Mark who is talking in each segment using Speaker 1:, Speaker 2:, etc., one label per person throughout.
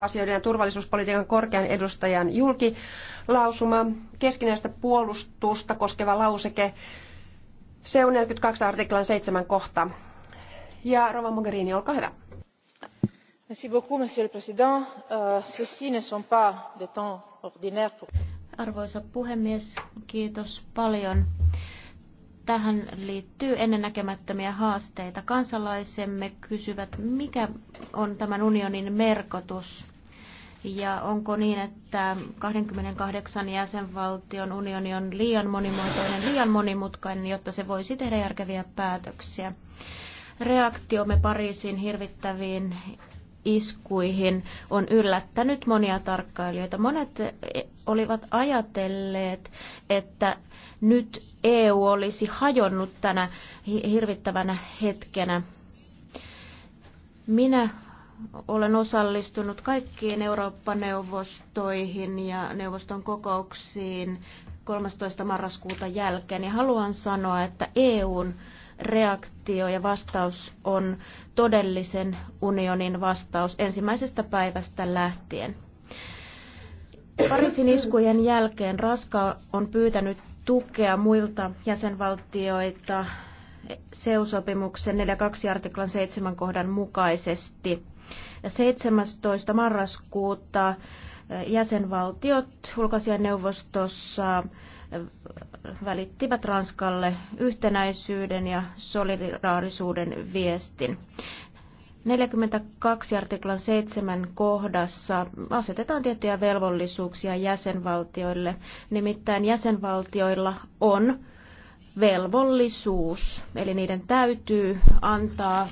Speaker 1: asioiden ja turvallisuuspolitiikan korkean edustajan julkilausuma, keskinäistä puolustusta koskeva lauseke, se on 42 artiklan 7 kohta. Ja Rova Mogherini, olkaa hyvä.
Speaker 2: Merci beaucoup, monsieur le président. Euh, Ceci ne sont pas des temps ordinaires. Arvoisa puhemies, kiitos paljon. Tähän liittyy ennennäkemättömiä haasteita. Kansalaisemme kysyvät, mikä on tämän unionin merkitys ja onko niin, että 28 jäsenvaltion unioni on liian monimuotoinen, liian monimutkainen, jotta se voisi tehdä järkeviä päätöksiä? Reaktiomme Pariisin hirvittäviin iskuihin on yllättänyt monia tarkkailijoita. Monet olivat ajatelleet, että nyt EU olisi hajonnut tänä hirvittävänä hetkenä. Minä olen osallistunut kaikkiin Eurooppa-neuvostoihin ja neuvoston kokouksiin 13. marraskuuta jälkeen. Ja haluan sanoa, että EUn reaktio ja vastaus on todellisen unionin vastaus ensimmäisestä päivästä lähtien. Pariisin iskujen jälkeen Raska on pyytänyt tukea muilta jäsenvaltioita seusopimuksen 42 artiklan 7 kohdan mukaisesti – 17. marraskuuta eh, jäsenvaltiot ulkoasianneuvostossa eh, välittivät Ranskalle yhtenäisyyden ja solidaarisuuden viestin. 42 artiklan 7 kohdassa asetetaan tiettyjä velvollisuuksia jäsenvaltioille. Nimittäin jäsenvaltioilla on velvollisuus, eli niiden täytyy antaa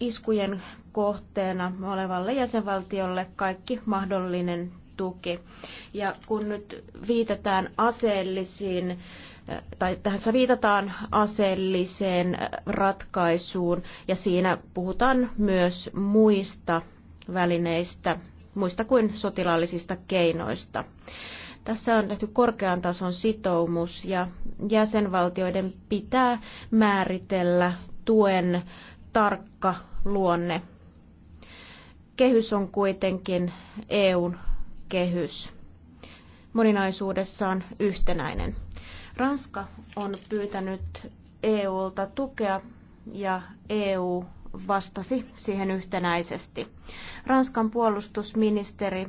Speaker 2: iskujen kohteena olevalle jäsenvaltiolle kaikki mahdollinen tuki. Ja kun nyt viitataan aseellisiin eh, tai tässä viitataan aseelliseen eh, ratkaisuun ja siinä puhutaan myös muista välineistä, muista kuin sotilaallisista keinoista. Tässä on tehty korkean tason sitoumus ja jäsenvaltioiden pitää määritellä tuen tarkka luonne kehys on kuitenkin EUn kehys moninaisuudessaan yhtenäinen. Ranska on pyytänyt EUlta tukea ja EU vastasi siihen yhtenäisesti. Ranskan puolustusministeri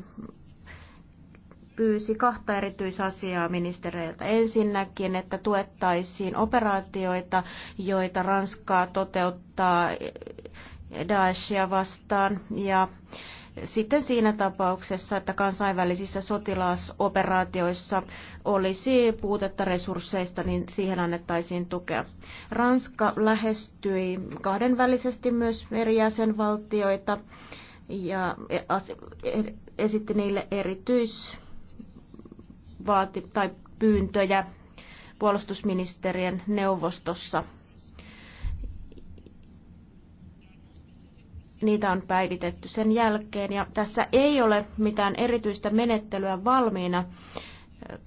Speaker 2: pyysi kahta erityisasiaa ministereiltä. Ensinnäkin, että tuettaisiin operaatioita, joita Ranskaa toteuttaa Daeshia vastaan ja sitten siinä tapauksessa, että kansainvälisissä sotilasoperaatioissa olisi puutetta resursseista, niin siihen annettaisiin tukea. Ranska lähestyi kahdenvälisesti myös eri jäsenvaltioita ja esitti niille erityis tai pyyntöjä puolustusministerien neuvostossa – niitä on päivitetty sen jälkeen. Ja tässä ei ole mitään erityistä menettelyä valmiina.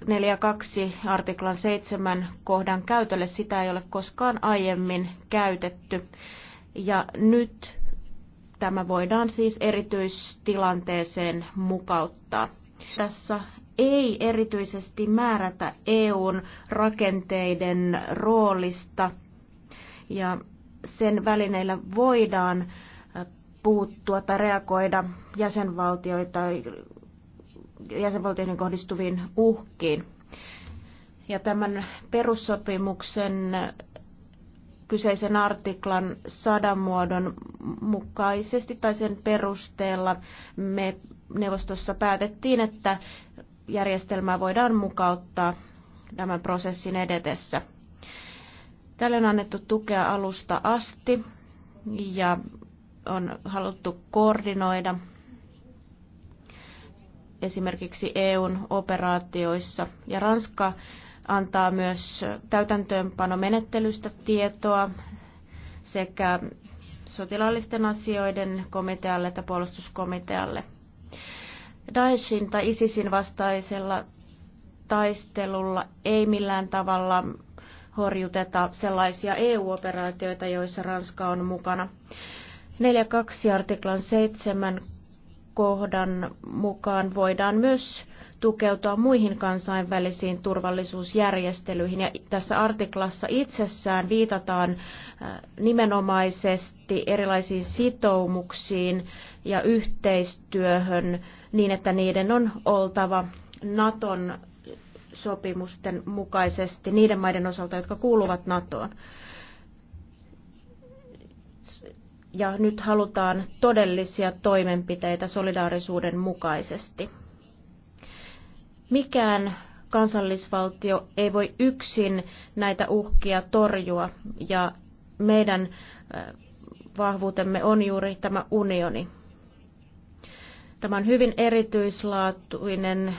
Speaker 2: 4.2 artiklan 7 kohdan käytölle sitä ei ole koskaan aiemmin käytetty. Ja nyt tämä voidaan siis erityistilanteeseen mukauttaa. Tässä ei erityisesti määrätä EUn rakenteiden roolista ja sen välineillä voidaan puuttua tai reagoida jäsenvaltioita, jäsenvaltioihin kohdistuviin uhkiin. Ja tämän perussopimuksen kyseisen artiklan sadamuodon mukaisesti tai sen perusteella me neuvostossa päätettiin, että järjestelmää voidaan mukauttaa tämän prosessin edetessä. Tälle on annettu tukea alusta asti ja on haluttu koordinoida esimerkiksi EUn operaatioissa. Ja Ranska antaa myös täytäntöönpanomenettelystä tietoa sekä sotilaallisten asioiden komitealle että puolustuskomitealle. Daeshin tai ISISin vastaisella taistelulla ei millään tavalla horjuteta sellaisia EU-operaatioita, joissa Ranska on mukana. 4.2 artiklan 7 kohdan mukaan voidaan myös tukeutua muihin kansainvälisiin turvallisuusjärjestelyihin. Ja tässä artiklassa itsessään viitataan äh, nimenomaisesti erilaisiin sitoumuksiin ja yhteistyöhön niin, että niiden on oltava Naton sopimusten mukaisesti niiden maiden osalta, jotka kuuluvat NATOon ja nyt halutaan todellisia toimenpiteitä solidaarisuuden mukaisesti. Mikään kansallisvaltio ei voi yksin näitä uhkia torjua ja meidän vahvuutemme on juuri tämä unioni. Tämä on hyvin erityislaatuinen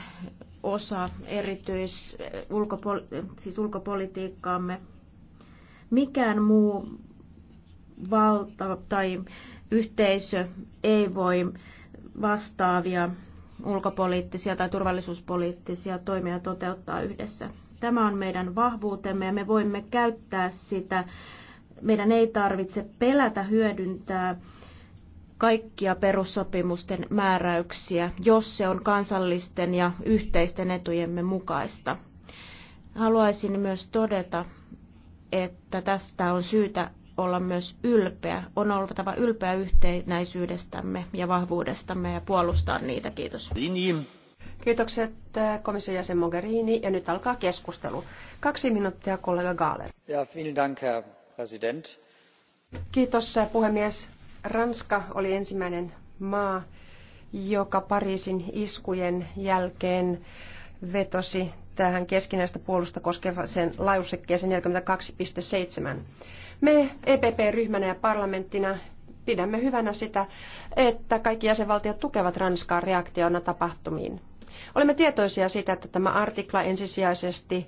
Speaker 2: osa erityis, ulkopoli, siis ulkopolitiikkaamme. Mikään muu valta tai yhteisö ei voi vastaavia ulkopoliittisia tai turvallisuuspoliittisia toimia toteuttaa yhdessä. Tämä on meidän vahvuutemme ja me voimme käyttää sitä. Meidän ei tarvitse pelätä hyödyntää kaikkia perussopimusten määräyksiä, jos se on kansallisten ja yhteisten etujemme mukaista. Haluaisin myös todeta, että tästä on syytä olla myös ylpeä. On oltava ylpeä yhtenäisyydestämme ja vahvuudestamme ja puolustaa niitä. Kiitos. Kiitokset äh, komission jäsen Mogherini ja nyt alkaa keskustelu.
Speaker 1: Kaksi minuuttia kollega Gaaler.
Speaker 3: Ja, dank, Herr President.
Speaker 1: Kiitos äh, puhemies. Ranska oli ensimmäinen maa, joka Pariisin iskujen jälkeen vetosi tähän keskinäistä puolusta koskevan lausekkeeseen 42.7. Me EPP-ryhmänä ja parlamenttina pidämme hyvänä sitä, että kaikki jäsenvaltiot tukevat Ranskaa reaktiona tapahtumiin. Olemme tietoisia siitä, että tämä artikla ensisijaisesti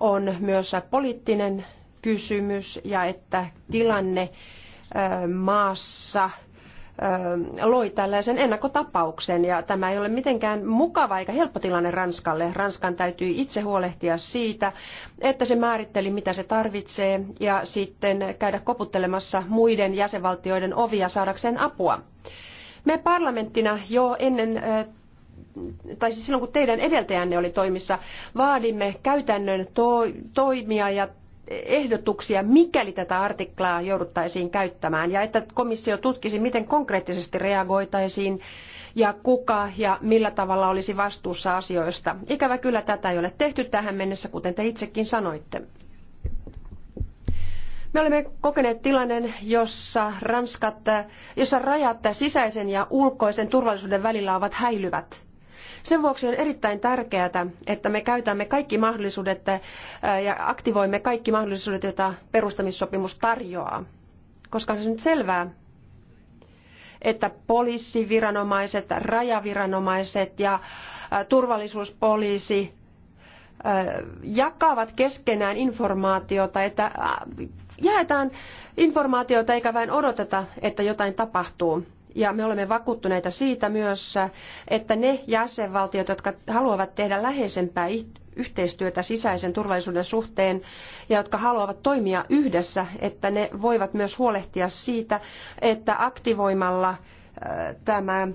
Speaker 1: on myös poliittinen kysymys ja että tilanne maassa loi tällaisen ennakkotapauksen ja tämä ei ole mitenkään mukava eikä helppo tilanne Ranskalle. Ranskan täytyy itse huolehtia siitä, että se määritteli mitä se tarvitsee ja sitten käydä koputtelemassa muiden jäsenvaltioiden ovia saadakseen apua. Me parlamenttina jo ennen tai siis silloin kun teidän edeltäjänne oli toimissa, vaadimme käytännön toimia ja ehdotuksia, mikäli tätä artiklaa jouduttaisiin käyttämään, ja että komissio tutkisi, miten konkreettisesti reagoitaisiin ja kuka ja millä tavalla olisi vastuussa asioista. Ikävä kyllä tätä ei ole tehty tähän mennessä, kuten te itsekin sanoitte. Me olemme kokeneet tilanteen, jossa, Ranskat, jossa rajat sisäisen ja ulkoisen turvallisuuden välillä ovat häilyvät. Sen vuoksi on erittäin tärkeää, että me käytämme kaikki mahdollisuudet äh, ja aktivoimme kaikki mahdollisuudet, joita perustamissopimus tarjoaa. Koska on se nyt selvää, että poliisiviranomaiset, rajaviranomaiset ja äh, turvallisuuspoliisi äh, jakavat keskenään informaatiota, että jaetaan informaatiota eikä vain odoteta, että jotain tapahtuu. Ja me olemme vakuuttuneita siitä myös, että ne jäsenvaltiot, jotka haluavat tehdä läheisempää yhteistyötä sisäisen turvallisuuden suhteen ja jotka haluavat toimia yhdessä, että ne voivat myös huolehtia siitä, että aktivoimalla äh, tämä äh,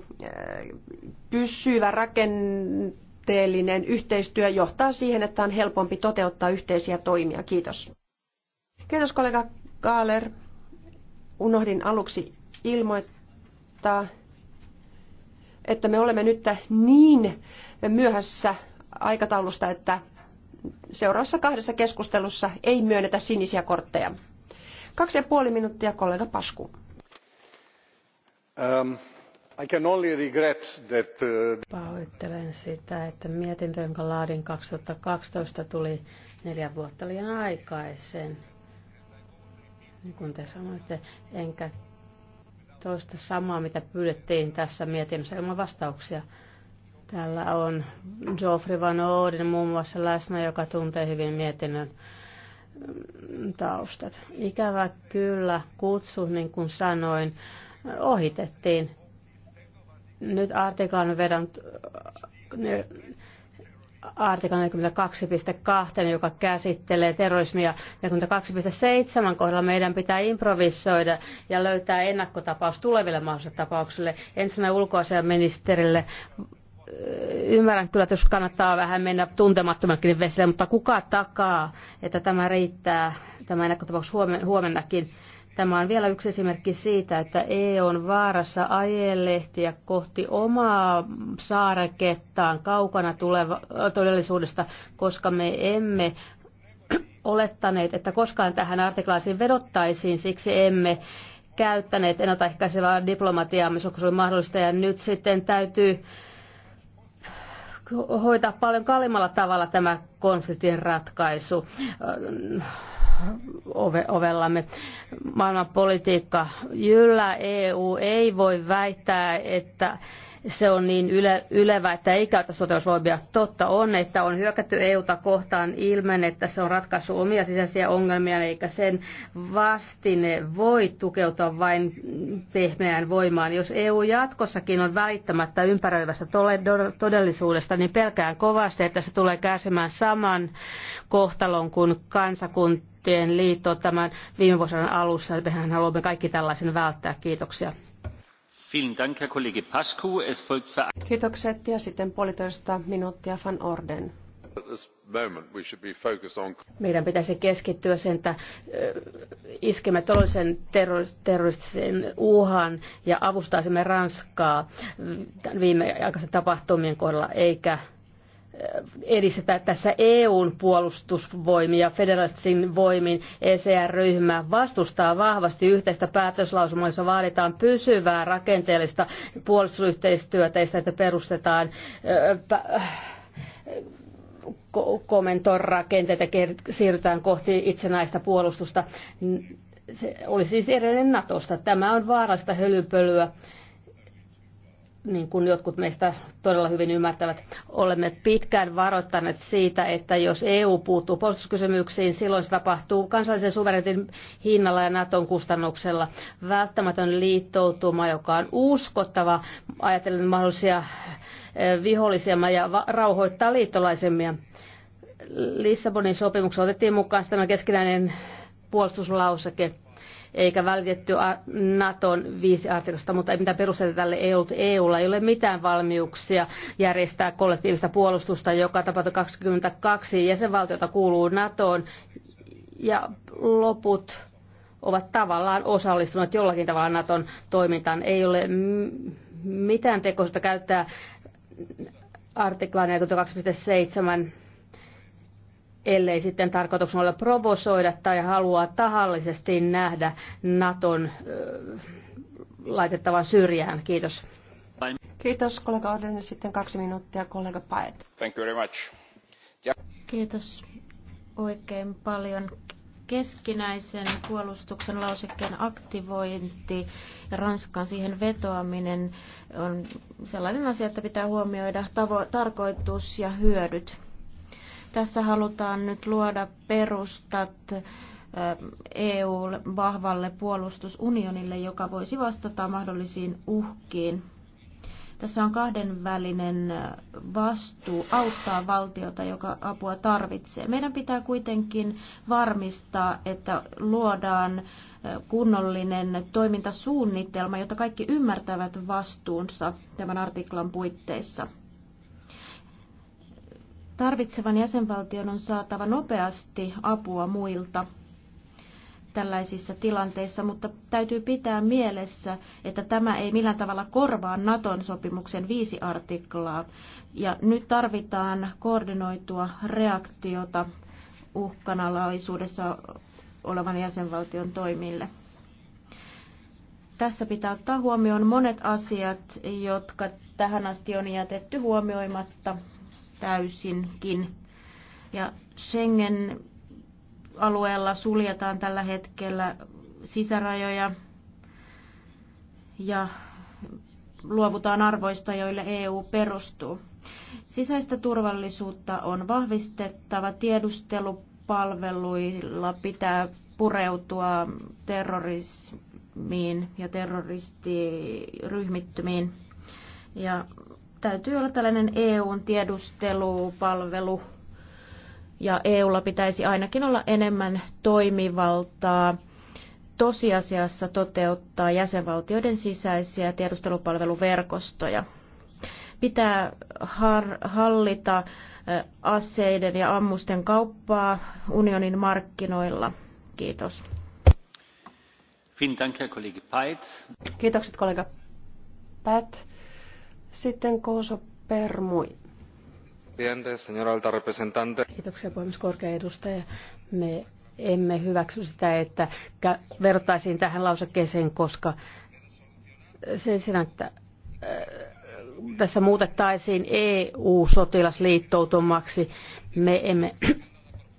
Speaker 1: pysyvä rakenteellinen yhteistyö johtaa siihen, että on helpompi toteuttaa yhteisiä toimia. Kiitos. Kiitos kollega Kaaler. Unohdin aluksi ilmoittaa osoittaa, että me olemme nyt niin myöhässä aikataulusta, että seuraavassa kahdessa keskustelussa ei myönnetä sinisiä kortteja. Kaksi ja puoli minuuttia kollega Pasku.
Speaker 3: Um, I can only regret that, uh...
Speaker 4: Pahoittelen sitä, että mietintö, jonka laadin 2012, tuli neljä vuotta liian aikaisen. Niin kuin te sanoitte, enkä toista samaa, mitä pyydettiin tässä mietinnössä ilman vastauksia. Täällä on Geoffrey Van Oden muun muassa läsnä, joka tuntee hyvin mietinnön mm, taustat. Ikävä kyllä, kutsu, niin kuin sanoin, ohitettiin. Nyt artiklan vedän artikla 42.2, joka käsittelee terrorismia. 42.7 kohdalla meidän pitää improvisoida ja löytää ennakkotapaus tuleville mahdollisille tapauksille. Ensinnä ulkoasiaministerille ymmärrän kyllä, että jos kannattaa vähän mennä tuntemattomankin vesille, mutta kuka takaa, että tämä riittää, tämä ennakkotapaus huomennakin. Tämä on vielä yksi esimerkki siitä, että EU on vaarassa ajelehtiä kohti omaa saarekettaan kaukana tuleva, todellisuudesta, koska me emme olettaneet, että koskaan tähän artiklaisiin vedottaisiin, siksi emme käyttäneet ennaltaehkäisevää diplomatiaa, missä se oli mahdollista, ja nyt sitten täytyy hoitaa paljon kalliimmalla tavalla tämä konfliktin ratkaisu ove, ovellamme. politiikka jyllä EU ei voi väittää, että se on niin yle, ylevä, että ei käytä sotilasvoimia. Totta on, että on hyökätty EUta kohtaan ilmen, että se on ratkaissut omia sisäisiä ongelmia, eikä sen vastine voi tukeutua vain pehmeään voimaan. Jos EU jatkossakin on välittämättä ympäröivästä todellisuudesta, niin pelkään kovasti, että se tulee kärsimään saman kohtalon kuin kansakunta Demokraattien liitto tämän viime vuosien alussa. Mehän haluamme kaikki tällaisen välttää. Kiitoksia.
Speaker 1: Kiitokset
Speaker 4: ja sitten puolitoista minuuttia Van Orden. Meidän pitäisi keskittyä sen, että iskemme toisen terroristisen uhan ja avustaisimme Ranskaa mm, viimeaikaisen tapahtumien kohdalla, eikä edistetään tässä EUn puolustusvoimia federalistisin voimin. ECR-ryhmä vastustaa vahvasti yhteistä päätöslausumaa, jossa vaaditaan pysyvää rakenteellista puolustusyhteistyötä ja sitä, että perustetaan komentorakenteita, siirrytään kohti itsenäistä puolustusta. Se olisi siis erillinen Natosta. Tämä on vaarallista hölypölyä niin kuin jotkut meistä todella hyvin ymmärtävät, olemme pitkään varoittaneet siitä, että jos EU puuttuu puolustuskysymyksiin, silloin se tapahtuu kansallisen suverenitin hinnalla ja Naton kustannuksella. Välttämätön liittoutuma, joka on uskottava, ajatellen mahdollisia eh, vihollisia ja rauhoittaa liittolaisemmia. Lissabonin sopimuksessa otettiin mukaan tämä keskinäinen puolustuslauseke eikä välitetty Naton viisi artiklasta, mutta mitä perusteita tälle ei ollut. EUlla ei ole mitään valmiuksia järjestää kollektiivista puolustusta, joka tapahtui 22 jäsenvaltiota kuuluu NATOon ja loput ovat tavallaan osallistuneet jollakin tavalla Naton toimintaan. Ei ole mitään tekoista käyttää artiklaa 42.7 ellei sitten tarkoituksena ole provosoida tai haluaa tahallisesti nähdä Naton ö, laitettavan syrjään. Kiitos.
Speaker 1: Kiitos kollega Oden. Sitten
Speaker 2: kaksi minuuttia kollega Paet.
Speaker 4: Thank you very much. Ja.
Speaker 2: Kiitos oikein paljon. Keskinäisen puolustuksen lausekkeen aktivointi ja Ranskan siihen vetoaminen on sellainen asia, että pitää huomioida tavo- tarkoitus ja hyödyt. Tässä halutaan nyt luoda perustat EU-vahvalle puolustusunionille, joka voisi vastata mahdollisiin uhkiin. Tässä on kahdenvälinen vastuu auttaa valtiota, joka apua tarvitsee. Meidän pitää kuitenkin varmistaa, että luodaan kunnollinen toimintasuunnitelma, jotta kaikki ymmärtävät vastuunsa tämän artiklan puitteissa. Tarvitsevan jäsenvaltion on saatava nopeasti apua muilta tällaisissa tilanteissa, mutta täytyy pitää mielessä, että tämä ei millään tavalla korvaa Naton sopimuksen viisi artiklaa. Ja nyt tarvitaan koordinoitua reaktiota uhkanalaisuudessa olevan jäsenvaltion toimille. Tässä pitää ottaa huomioon monet asiat, jotka tähän asti on jätetty huomioimatta täysinkin. Ja Schengen-alueella suljetaan tällä hetkellä sisärajoja ja luovutaan arvoista, joille EU perustuu. Sisäistä turvallisuutta on vahvistettava. Tiedustelupalveluilla pitää pureutua terrorismiin ja terroristiryhmittymiin. Ja täytyy olla tällainen EUn tiedustelupalvelu ja EUlla pitäisi ainakin olla enemmän toimivaltaa tosiasiassa toteuttaa jäsenvaltioiden sisäisiä tiedustelupalveluverkostoja. Pitää har- hallita aseiden ja ammusten kauppaa unionin markkinoilla. Kiitos. Kiitokset kollega Päät. Sitten Kooso
Speaker 4: Permui. Kiitoksia puhemies korkea edustaja. Me emme hyväksy sitä, että vertaisiin tähän lausekkeeseen, koska sen sijaan, että äh, tässä muutettaisiin EU-sotilasliittoutumaksi, me emme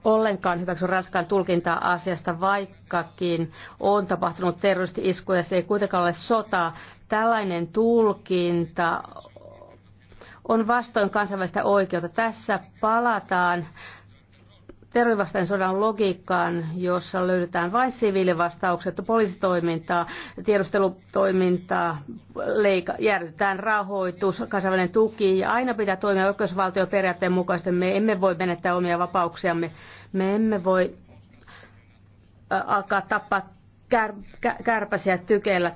Speaker 4: ollenkaan hyväksy raskaan tulkintaa asiasta, vaikkakin on tapahtunut terroristi-iskuja, se ei kuitenkaan ole sotaa. Tällainen tulkinta on vastoin kansainvälistä oikeutta. Tässä palataan terrorivastaisen sodan logiikkaan, jossa löydetään vain siviilivastaukset, poliisitoimintaa, tiedustelutoimintaa, leika, järjestetään rahoitus, kansainvälinen tuki ja aina pitää toimia ökologisvaltio-periaatteen mukaisesti. Me emme voi menettää omia vapauksiamme. Me emme voi alkaa tappaa kär, kär, kärpäsiä tykeillä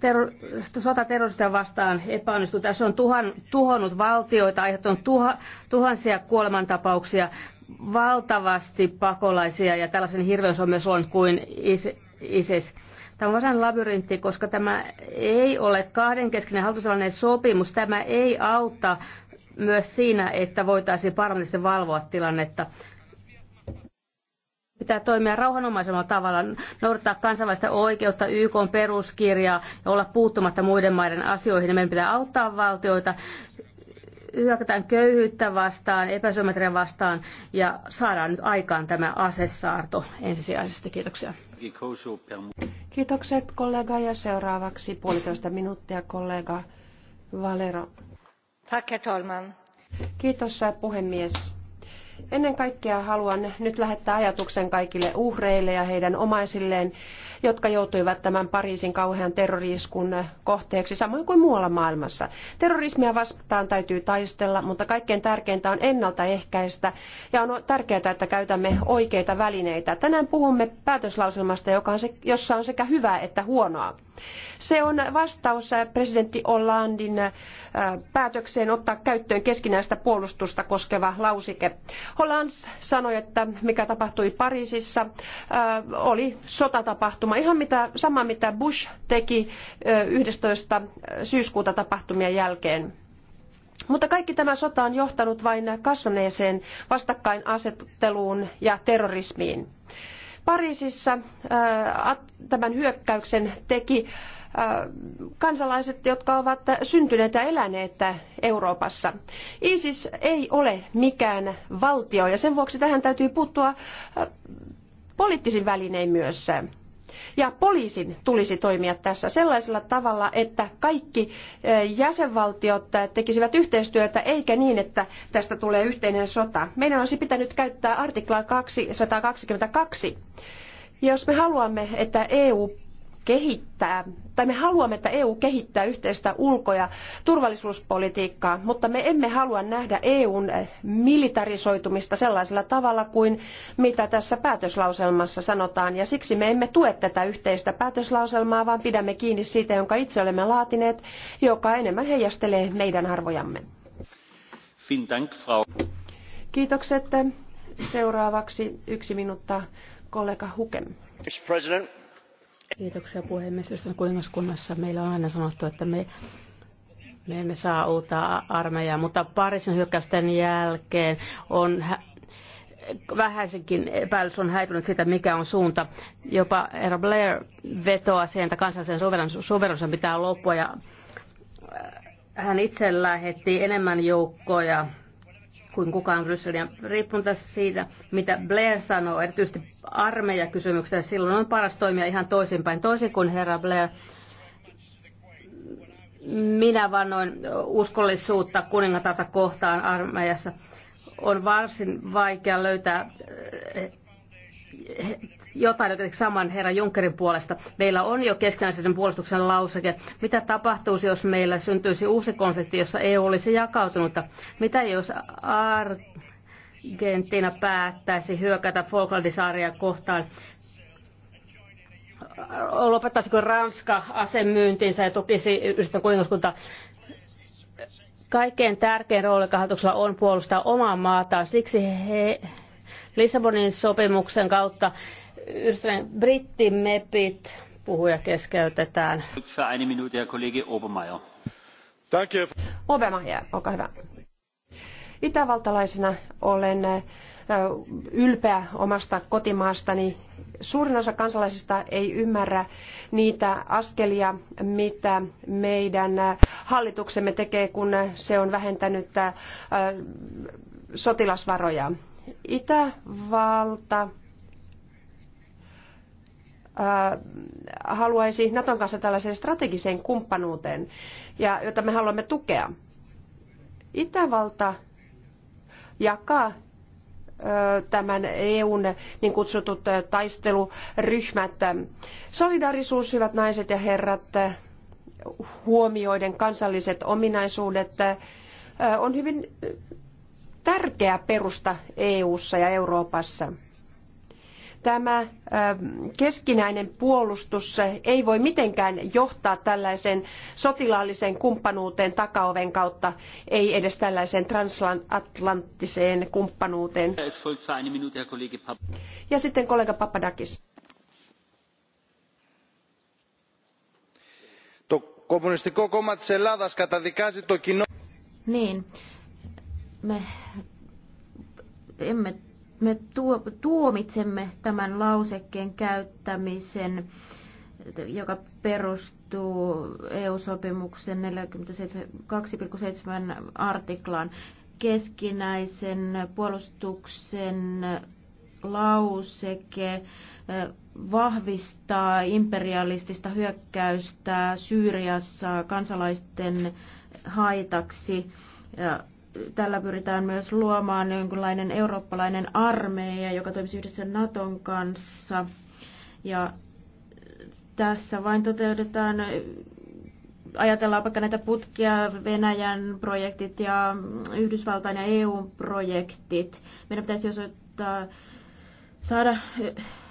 Speaker 4: terror, sota terroristia vastaan epäonnistuu. Tässä on tuhan, tuhonnut valtioita, aiheuttanut tuha, tuhansia kuolemantapauksia, valtavasti pakolaisia ja tällaisen hirveys on myös ollut kuin ISIS. Tämä on vähän labyrintti, koska tämä ei ole kahdenkeskinen hallitusvälinen sopimus. Tämä ei auta myös siinä, että voitaisiin parlamentaarisesti valvoa tilannetta. Pitää toimia rauhanomaisella tavalla, noudattaa kansainvälistä oikeutta, YK peruskirjaa ja olla puuttumatta muiden maiden asioihin. Meidän pitää auttaa valtioita hyökätään köyhyyttä vastaan, epäsymmetriä vastaan ja saadaan nyt aikaan tämä asessaarto ensisijaisesti. Kiitoksia. Kiitokset
Speaker 1: kollega ja seuraavaksi puolitoista minuuttia kollega Valero. Tack, herr talman. Kiitos puhemies. Ennen kaikkea haluan nyt lähettää ajatuksen kaikille uhreille ja heidän omaisilleen jotka joutuivat tämän Pariisin kauhean terroriiskun kohteeksi, samoin kuin muualla maailmassa. Terrorismia vastaan täytyy taistella, mutta kaikkein tärkeintä on ennaltaehkäistä ja on tärkeää, että käytämme oikeita välineitä. Tänään puhumme päätöslauselmasta, joka on se, jossa on sekä hyvää että huonoa. Se on vastaus presidentti Hollandin äh, päätökseen ottaa käyttöön keskinäistä puolustusta koskeva lausike. Holland sanoi, että mikä tapahtui Pariisissa äh, oli sotatapahtuma Sama, Ihan mitä, sama mitä Bush teki 11. syyskuuta tapahtumien jälkeen. Mutta kaikki tämä sota on johtanut vain kasvaneeseen vastakkainasetteluun ja terrorismiin. Pariisissa tämän hyökkäyksen teki kansalaiset, jotka ovat syntyneet ja eläneet Euroopassa. ISIS ei ole mikään valtio ja sen vuoksi tähän täytyy puuttua poliittisin välinein myös. Ja poliisin tulisi toimia tässä sellaisella tavalla, että kaikki eh, jäsenvaltiot eh, tekisivät yhteistyötä, eikä niin, että tästä tulee yhteinen sota. Meidän olisi pitänyt käyttää artiklaa 222. Jos me haluamme, että EU kehittää, tai me haluamme, että EU kehittää yhteistä ulko- ja turvallisuuspolitiikkaa, mutta me emme halua nähdä EUn eh, militarisoitumista sellaisella tavalla kuin mitä tässä päätöslauselmassa sanotaan, ja siksi me emme tue tätä yhteistä päätöslauselmaa, vaan pidämme kiinni siitä, jonka itse olemme laatineet, joka enemmän heijastelee meidän arvojamme. Kiitokset. Seuraavaksi yksi minuutta
Speaker 4: kollega Hukem. Mr. President. Kiitoksia puhemies. Jostain kuningaskunnassa meillä on aina sanottu, että me, me emme saa uutta armeijaa, mutta Pariisin hyökkäysten jälkeen on vähäisenkin epäilys on häipynyt siitä, mikä on suunta. Jopa Herra Blair vetoaa siihen, että kansallisen suverensuuden pitää loppua ja äh, hän itse lähetti enemmän joukkoja kuin kukaan Brysseliä. Riippunta siitä, mitä Blair sanoo, erityisesti armeijakysymyksestä, silloin on paras toimia ihan toisinpäin. Toisin kuin herra Blair, minä vannoin uskollisuutta kuningatarta kohtaan armeijassa. On varsin vaikea löytää eh, eh, jotain jotenkin saman herran Junckerin puolesta. Meillä on jo keskinäisen puolustuksen lauseke. Mitä tapahtuisi, jos meillä syntyisi uusi konflikti, jossa EU olisi jakautunut? Mitä jos Argentiina päättäisi hyökätä Falklandisaaria kohtaan? Lopettaisiko Ranska asemyyntinsä ja tukisi yhdistön kuningaskuntaa? Kaikkein tärkein rooli hallituksella on puolustaa omaa maataan. Siksi he Lissabonin sopimuksen kautta Yhdistyneen brittimepit. Puhuja keskeytetään. Obermeier, olkaa
Speaker 1: hyvä. Itävaltalaisena olen ylpeä omasta kotimaastani. Suurin osa kansalaisista ei ymmärrä niitä askelia, mitä meidän hallituksemme tekee, kun se on vähentänyt sotilasvaroja. Itävalta haluaisi Naton kanssa tällaiseen strategiseen kumppanuuteen, ja, jota me haluamme tukea. Itävalta jakaa tämän EUn niin kutsutut taisteluryhmät. Solidarisuus, hyvät naiset ja herrat, huomioiden kansalliset ominaisuudet, on hyvin tärkeä perusta EU:ssa ja Euroopassa. Tämä keskinäinen puolustus ei voi mitenkään johtaa tällaiseen sotilaalliseen kumppanuuteen takaoven kautta, ei edes tällaiseen transatlanttiseen kumppanuuteen. Ja sitten kollega Papadakis.
Speaker 3: kommunistικό
Speaker 2: Niin, me emme me tuo, tuomitsemme tämän lausekkeen käyttämisen, joka perustuu EU-sopimuksen 42,7 artiklaan keskinäisen puolustuksen lauseke vahvistaa imperialistista hyökkäystä Syyriassa kansalaisten haitaksi tällä pyritään myös luomaan jonkinlainen eurooppalainen armeija, joka toimisi yhdessä Naton kanssa. Ja tässä vain toteutetaan, ajatellaan vaikka näitä putkia, Venäjän projektit ja Yhdysvaltain ja EU-projektit. Meidän pitäisi osoittaa, saada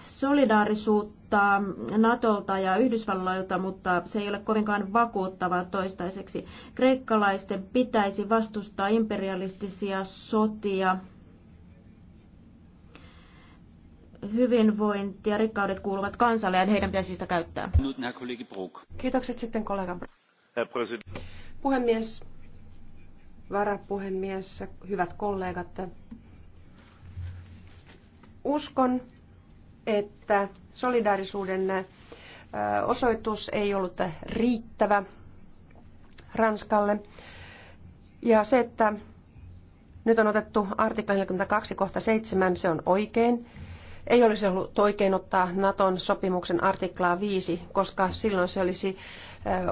Speaker 2: solidaarisuutta tota, Natolta ja Yhdysvalloilta, mutta se ei ole kovinkaan vakuuttavaa toistaiseksi. Kreikkalaisten pitäisi vastustaa imperialistisia sotia. Hyvinvointi ja rikkaudet kuuluvat kansalle ja heidän pitäisi sitä käyttää. Kiitokset sitten kollega Puhemies,
Speaker 1: varapuhemies, hyvät kollegat. Uskon, että solidaarisuuden osoitus ei ollut riittävä Ranskalle. Ja se, että nyt on otettu artikla 42 kohta 7, se on oikein. Ei olisi ollut oikein ottaa Naton sopimuksen artiklaa 5, koska silloin se olisi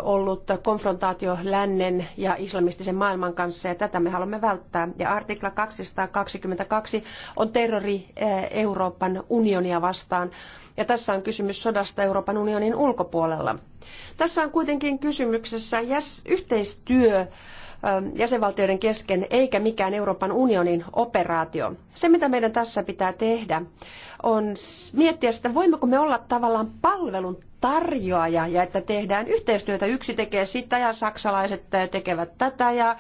Speaker 1: ollut konfrontaatio lännen ja islamistisen maailman kanssa ja tätä me haluamme välttää. Ja artikla 222 on terrori Euroopan unionia vastaan ja tässä on kysymys sodasta Euroopan unionin ulkopuolella. Tässä on kuitenkin kysymyksessä yhteistyö jäsenvaltioiden kesken eikä mikään Euroopan unionin operaatio. Se, mitä meidän tässä pitää tehdä, on miettiä sitä, voimmeko me olla tavallaan palvelun tarjoaja ja että tehdään yhteistyötä. Yksi tekee sitä ja saksalaiset tekevät tätä ja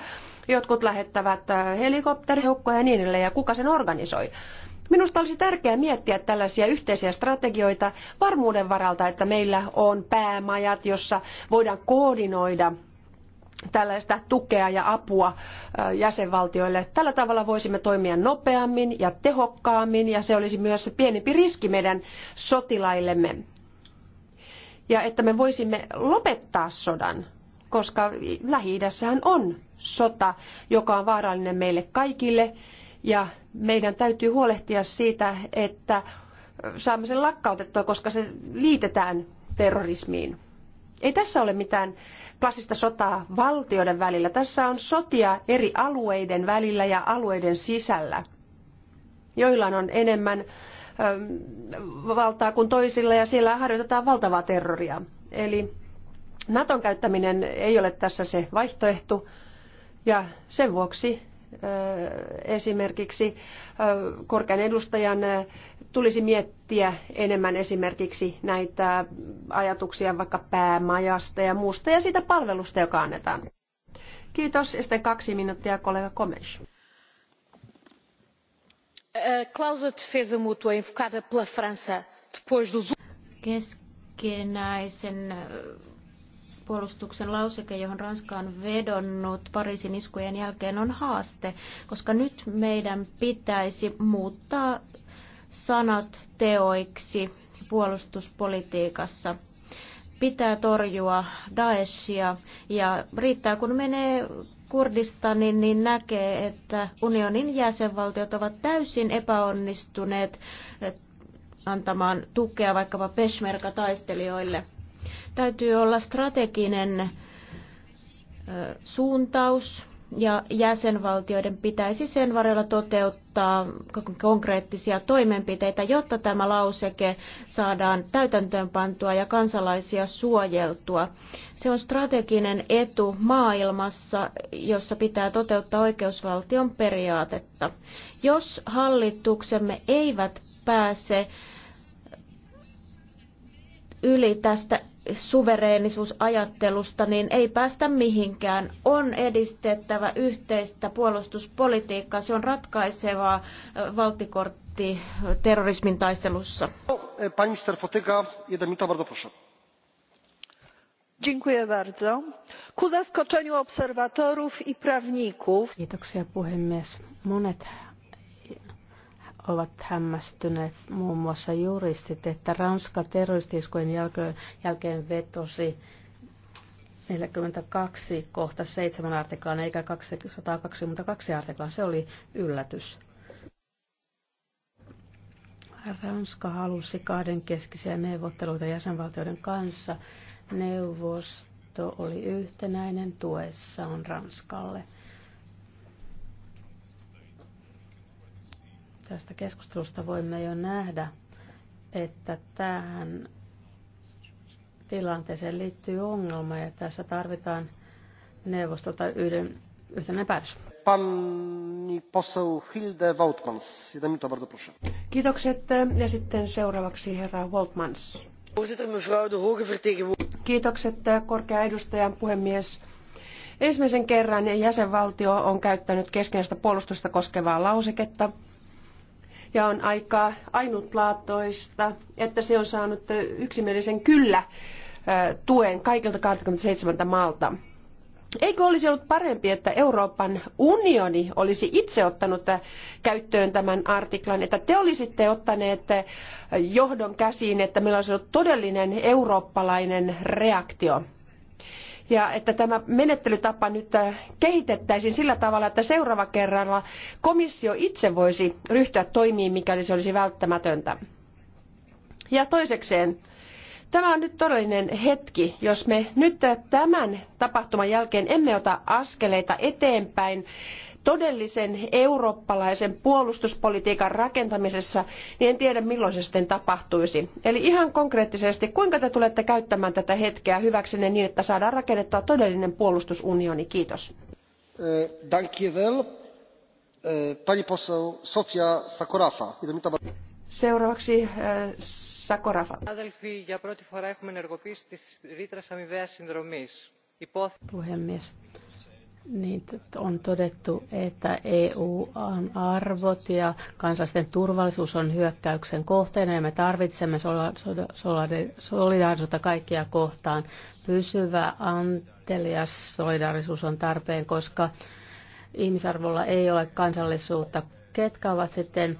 Speaker 1: jotkut lähettävät äh, helikopterheukkoja ja niin edelleen ja kuka sen organisoi. Minusta olisi tärkeää miettiä tällaisia yhteisiä strategioita varmuuden varalta, että meillä on päämajat, jossa voidaan koordinoida tällaista tukea ja apua äh, jäsenvaltioille. Tällä tavalla voisimme toimia nopeammin ja tehokkaammin ja se olisi myös pienempi riski meidän sotilaillemme ja että me voisimme lopettaa sodan, koska lähi on sota, joka on vaarallinen meille kaikille ja meidän täytyy huolehtia siitä, että saamme sen lakkautettua, koska se liitetään terrorismiin. Ei tässä ole mitään klassista sotaa valtioiden välillä. Tässä on sotia eri alueiden välillä ja alueiden sisällä. Joillain on enemmän Ähm, valtaa kuin toisilla ja siellä harjoitetaan valtavaa terroria. Eli Naton käyttäminen ei ole tässä se vaihtoehto ja sen vuoksi äh, esimerkiksi äh, korkean edustajan äh, tulisi miettiä enemmän esimerkiksi näitä ajatuksia vaikka päämajasta ja muusta ja siitä palvelusta, joka annetaan. Kiitos ja sitten kaksi minuuttia
Speaker 2: kollega Komes. A cláusula de defesa mútua invocada pela França depois dos... Keskinäisen eh, puolustuksen lauseke, johon Ranska on vedonnut Pariisin iskujen jälkeen, on haaste, koska nyt meidän pitäisi muuttaa sanat teoiksi puolustuspolitiikassa. Pitää torjua Daeshia ja riittää kun menee Kurdistanin, niin näkee, että unionin jäsenvaltiot ovat täysin epäonnistuneet eh, antamaan tukea vaikkapa Peshmerga-taistelijoille. Täytyy olla strateginen eh, suuntaus ja jäsenvaltioiden pitäisi sen varrella toteuttaa konkreettisia toimenpiteitä, jotta tämä lauseke saadaan täytäntöönpantua ja kansalaisia suojeltua. Se on strateginen etu maailmassa, jossa pitää toteuttaa oikeusvaltion periaatetta. Jos hallituksemme eivät pääse yli tästä suvereenisuusajattelusta, niin ei päästä mihinkään. On edistettävä yhteistä puolustuspolitiikkaa. Se on ratkaisevaa valtikortti terrorismin
Speaker 3: taistelussa. Pani minister Fotyga, jedna minuta, bardzo proszę
Speaker 4: ku zaskoczeniu obserwatorów i prawników monet ovat hämmästyneet muun muassa juristit, että Ranska terroristiskujen jälkeen, jälkeen vetosi 42 kohta 7 artiklaan eikä 222 artiklaan. Se oli yllätys. Ranska halusi kahdenkeskisiä neuvotteluita jäsenvaltioiden kanssa. Neuvosto oli yhtenäinen tuessaan Ranskalle. Tästä keskustelusta voimme jo nähdä, että tähän tilanteeseen liittyy ongelma ja tässä tarvitaan neuvostolta yhden, yhtenä päätös. Hilde Kiitokset
Speaker 1: ja sitten seuraavaksi herra Woltmans. Kiitokset korkea edustajan puhemies. Ensimmäisen kerran jäsenvaltio on käyttänyt keskinäistä puolustusta koskevaa lauseketta – ja on aika ainutlaatoista, että se on saanut yksimielisen kyllä tuen kaikilta 27 maalta. Eikö olisi ollut parempi, että Euroopan unioni olisi itse ottanut käyttöön tämän artiklan, että te olisitte ottaneet johdon käsiin, että meillä olisi ollut todellinen eurooppalainen reaktio ja että tämä menettelytapa nyt äh, kehitettäisiin sillä tavalla, että seuraava kerralla komissio itse voisi ryhtyä toimiin, mikäli se olisi välttämätöntä. Ja toisekseen, tämä on nyt todellinen hetki, jos me nyt tämän tapahtuman jälkeen emme ota askeleita eteenpäin todellisen eurooppalaisen puolustuspolitiikan rakentamisessa, niin en tiedä milloin se sitten tapahtuisi. Eli ihan konkreettisesti, kuinka te tulette käyttämään tätä hetkeä hyväksenne niin, että saadaan rakennettua todellinen puolustusunioni? Kiitos.
Speaker 3: Eh, Seuraavaksi
Speaker 4: Sakorafa. Puhemies, niin on todettu, että EU on arvot ja kansallisten turvallisuus on hyökkäyksen kohteena ja me tarvitsemme solidaarisuutta kaikkia kohtaan. Pysyvä antelias solidaarisuus on tarpeen, koska ihmisarvolla ei ole kansallisuutta. Ketkä ovat sitten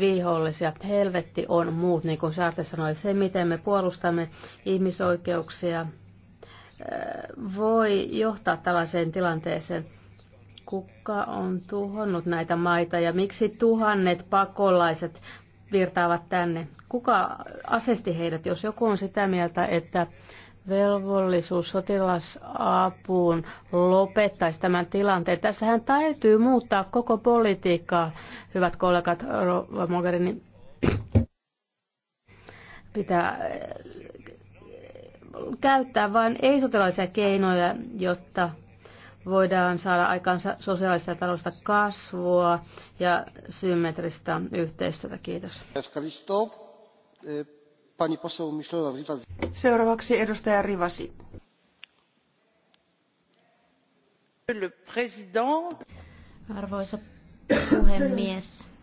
Speaker 4: vihollisia? Helvetti on muut, niin kuin Saarte sanoi. Se, miten me puolustamme ihmisoikeuksia, voi johtaa tällaiseen tilanteeseen? Kuka on tuhonnut näitä maita ja miksi tuhannet pakolaiset virtaavat tänne? Kuka asesti heidät, jos joku on sitä mieltä, että velvollisuus sotilasapuun lopettaisi tämän tilanteen. Tässähän täytyy muuttaa koko politiikkaa, hyvät kollegat Rova Mogherini. Pitää käyttää vain ei-sotilaisia keinoja, jotta voidaan saada aikaan sosiaalista ja taloudellista kasvua ja symmetristä yhteistyötä. Kiitos. Seuraavaksi
Speaker 2: edustaja Rivasi. Arvoisa puhemies.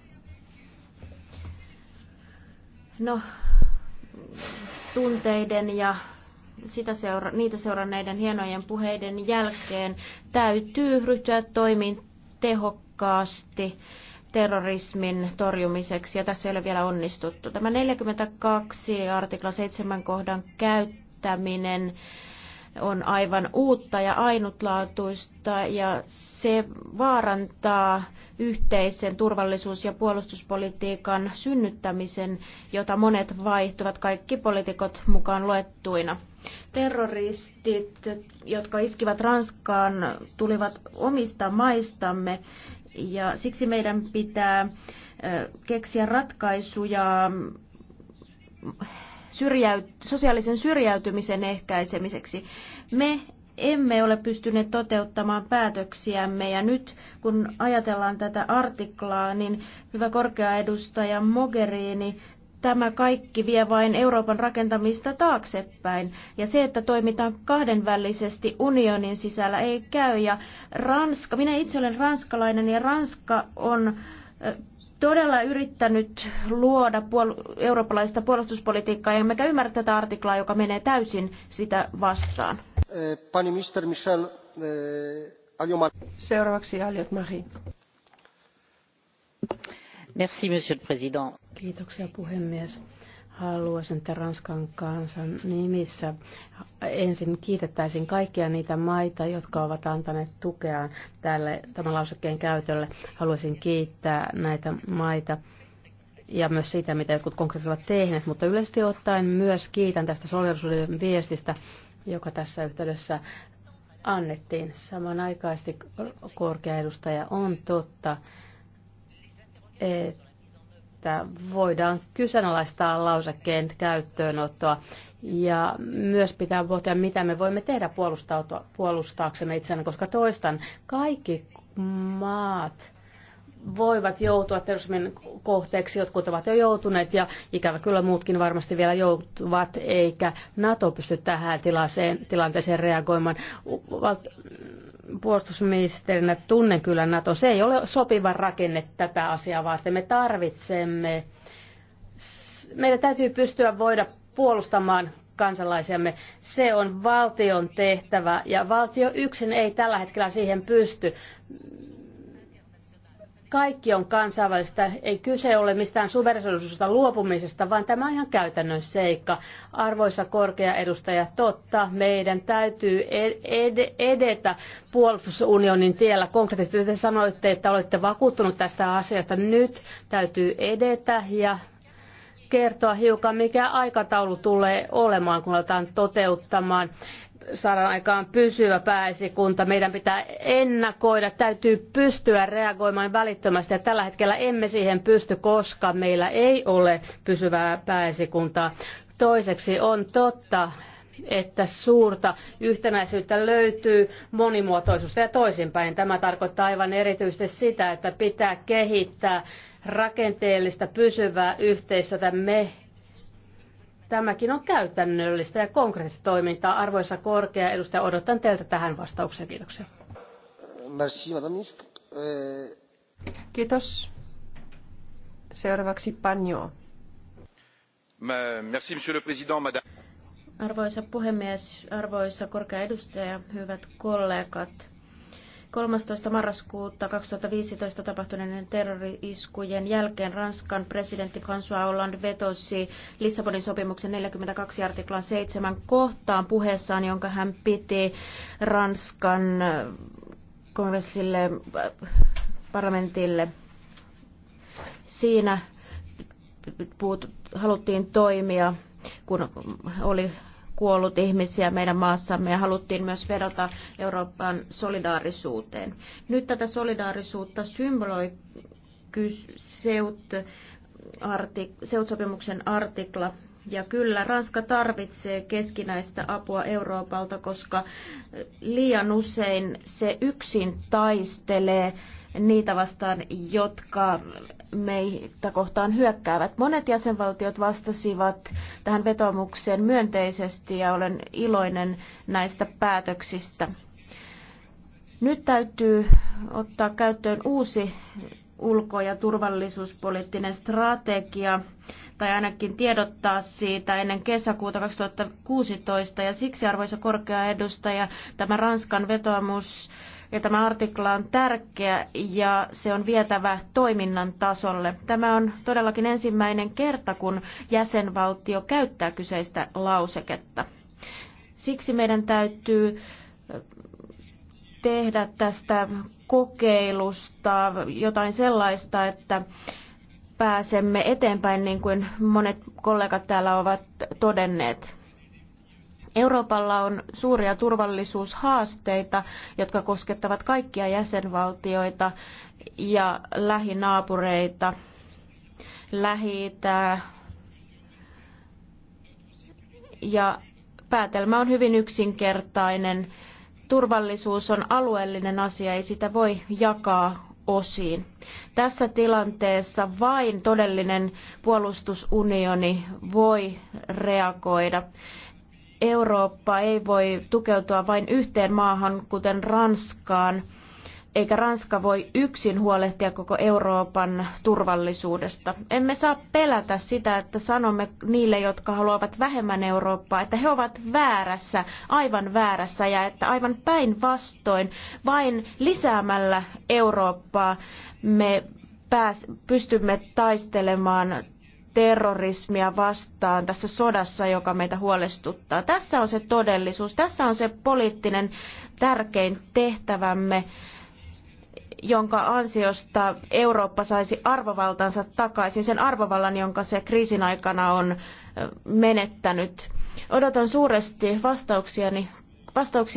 Speaker 2: No, tunteiden ja sitä seura- niitä seuranneiden hienojen puheiden jälkeen täytyy ryhtyä toimiin tehokkaasti terrorismin torjumiseksi, ja tässä ei ole vielä onnistuttu. Tämä 42 artikla 7 kohdan käyttäminen on aivan uutta ja ainutlaatuista, ja se vaarantaa yhteisen turvallisuus- ja puolustuspolitiikan synnyttämisen, jota monet vaihtuvat, kaikki poliitikot mukaan luettuina. Terroristit, jotka iskivät Ranskaan, tulivat omista maistamme ja siksi meidän pitää keksiä ratkaisuja syrjäyt, sosiaalisen syrjäytymisen ehkäisemiseksi. Me emme ole pystyneet toteuttamaan päätöksiämme ja nyt kun ajatellaan tätä artiklaa, niin hyvä korkea edustaja Mogherini, tämä kaikki vie vain Euroopan rakentamista taaksepäin. Ja se, että toimitaan kahdenvälisesti unionin sisällä ei käy. Ja Ranska, minä itse olen ranskalainen ja Ranska on todella yrittänyt luoda puol- eurooppalaista puolustuspolitiikkaa, ja emmekä ymmärrä tätä artiklaa, joka menee täysin sitä vastaan.
Speaker 3: Eh, pani minister Michel, eh, Seuraavaksi
Speaker 4: Aljot Marie
Speaker 2: monsieur le
Speaker 3: président.
Speaker 4: Kiitoksia puhemies. Haluaisin, että Ranskan kansan nimissä ensin kiitettäisiin kaikkia niitä maita, jotka ovat antaneet tukea tälle, tämän lausekkeen käytölle. Haluaisin kiittää näitä maita ja myös siitä, mitä jotkut konkreettisesti ovat tehneet, mutta yleisesti ottaen myös kiitän tästä solidarisuuden viestistä, joka tässä yhteydessä annettiin. Samanaikaisesti korkea edustaja on totta, että voidaan kyseenalaistaa lausekkeen käyttöönottoa ja myös pitää pohtia, mitä me voimme tehdä puolustaaksemme itseään, koska toistan, kaikki maat voivat joutua terrorismin kohteeksi. Jotkut ovat jo joutuneet ja ikävä kyllä muutkin varmasti vielä joutuvat, eikä NATO pysty tähän tilanteeseen reagoimaan puolustusministerinä tunnen kyllä NATO. Se ei ole sopiva rakenne tätä asiaa varten. Me tarvitsemme, meidän täytyy pystyä voida puolustamaan kansalaisiamme. Se on valtion tehtävä ja valtio yksin ei tällä hetkellä siihen pysty. Kaikki on kansainvälistä, ei kyse ole mistään suverisuudesta luopumisesta, vaan tämä on ihan käytännön seikka. Arvoisa korkea edustaja, totta, meidän täytyy edetä puolustusunionin tiellä. Konkreettisesti te sanoitte, että olette vakuuttunut tästä asiasta. Nyt täytyy edetä ja kertoa hiukan, mikä aikataulu tulee olemaan, kun aletaan toteuttamaan saadaan aikaan pysyvä pääesikunta. Meidän pitää ennakoida, täytyy pystyä reagoimaan välittömästi ja tällä hetkellä emme siihen pysty, koska meillä ei ole pysyvää pääesikuntaa. Toiseksi on totta, että suurta yhtenäisyyttä löytyy monimuotoisuutta ja toisinpäin. Tämä tarkoittaa aivan erityisesti sitä, että pitää kehittää rakenteellista pysyvää yhteistyötä me Tämäkin on käytännöllistä ja konkreettista toimintaa. Arvoisa korkea edustaja, odotan teiltä tähän vastauksen. Kiitoksia.
Speaker 2: Eh,
Speaker 4: Kiitos. Seuraavaksi Panjo.
Speaker 2: Merci, monsieur le président, madame. Arvoisa puhemies, arvoisa korkea edustaja, hyvät kollegat. 13. marraskuuta 2015 tapahtuneiden terrori-iskujen jälkeen Ranskan presidentti François Hollande vetosi Lissabonin sopimuksen 42 artiklan 7 kohtaan puheessaan, jonka hän piti Ranskan kongressille parlamentille. Siinä haluttiin toimia, kun oli kuollut ihmisiä meidän maassamme ja haluttiin myös vedota Euroopan solidaarisuuteen. Nyt tätä solidaarisuutta symboloi seut, sopimuksen artikla ja kyllä, Ranska tarvitsee keskinäistä apua Euroopalta, koska liian usein se yksin taistelee niitä vastaan, jotka meitä kohtaan hyökkäävät. Monet jäsenvaltiot vastasivat tähän vetomukseen myönteisesti ja olen iloinen näistä päätöksistä. Nyt täytyy ottaa käyttöön uusi ulko- ja turvallisuuspoliittinen strategia, tai ainakin tiedottaa siitä ennen kesäkuuta 2016. Ja siksi, arvoisa korkea edustaja, tämä Ranskan vetoomus ja tämä artikla on tärkeä ja se on vietävä toiminnan tasolle. Tämä on todellakin ensimmäinen kerta, kun jäsenvaltio käyttää kyseistä lauseketta. Siksi meidän täytyy tehdä tästä kokeilusta jotain sellaista, että pääsemme eteenpäin, niin kuin monet kollegat täällä ovat todenneet. Euroopalla on suuria turvallisuushaasteita, jotka koskettavat kaikkia jäsenvaltioita ja lähinaapureita, lähi Ja päätelmä on hyvin yksinkertainen. Turvallisuus on alueellinen asia, ei sitä voi jakaa osiin. Tässä tilanteessa vain todellinen puolustusunioni voi reagoida. Eurooppa ei voi tukeutua vain yhteen maahan, kuten Ranskaan, eikä Ranska voi yksin huolehtia koko Euroopan turvallisuudesta. Emme saa pelätä sitä, että sanomme niille, jotka haluavat vähemmän Eurooppaa, että he ovat väärässä, aivan väärässä ja että aivan päinvastoin vain lisäämällä Eurooppaa me pääs, pystymme taistelemaan terrorismia vastaan tässä sodassa, joka meitä huolestuttaa. Tässä on se todellisuus, tässä on se poliittinen tärkein tehtävämme, jonka ansiosta Eurooppa saisi arvovaltansa takaisin, sen arvovallan, jonka se kriisin aikana on menettänyt. Odotan suuresti vastauksiani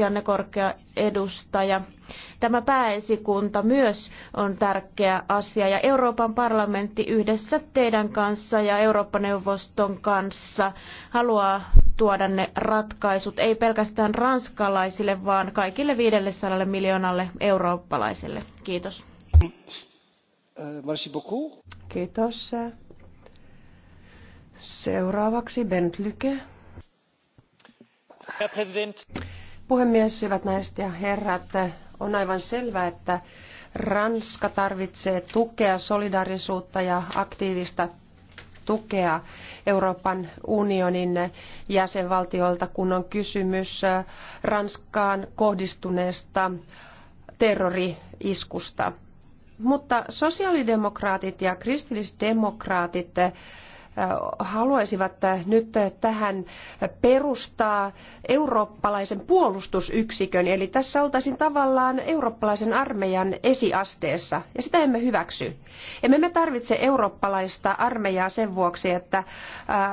Speaker 2: Anne korkea edustaja. Tämä pääesikunta myös on tärkeä asia ja Euroopan parlamentti yhdessä teidän kanssa ja Eurooppa-neuvoston kanssa haluaa tuoda ne ratkaisut ei pelkästään ranskalaisille, vaan kaikille 500 miljoonalle eurooppalaiselle. Kiitos. Kiitos.
Speaker 1: Seuraavaksi Bent Lyke. Herr Puhemies, hyvät naiset ja herrat, on aivan selvää, että Ranska tarvitsee tukea, solidaarisuutta ja aktiivista tukea Euroopan unionin jäsenvaltioilta, kun on kysymys Ranskaan kohdistuneesta terrori-iskusta. Mutta sosiaalidemokraatit ja kristillisdemokraatit haluaisivat nyt tähän perustaa eurooppalaisen puolustusyksikön. Eli tässä oltaisiin tavallaan eurooppalaisen armeijan esiasteessa, ja sitä emme hyväksy. Emme me tarvitse eurooppalaista armeijaa sen vuoksi, että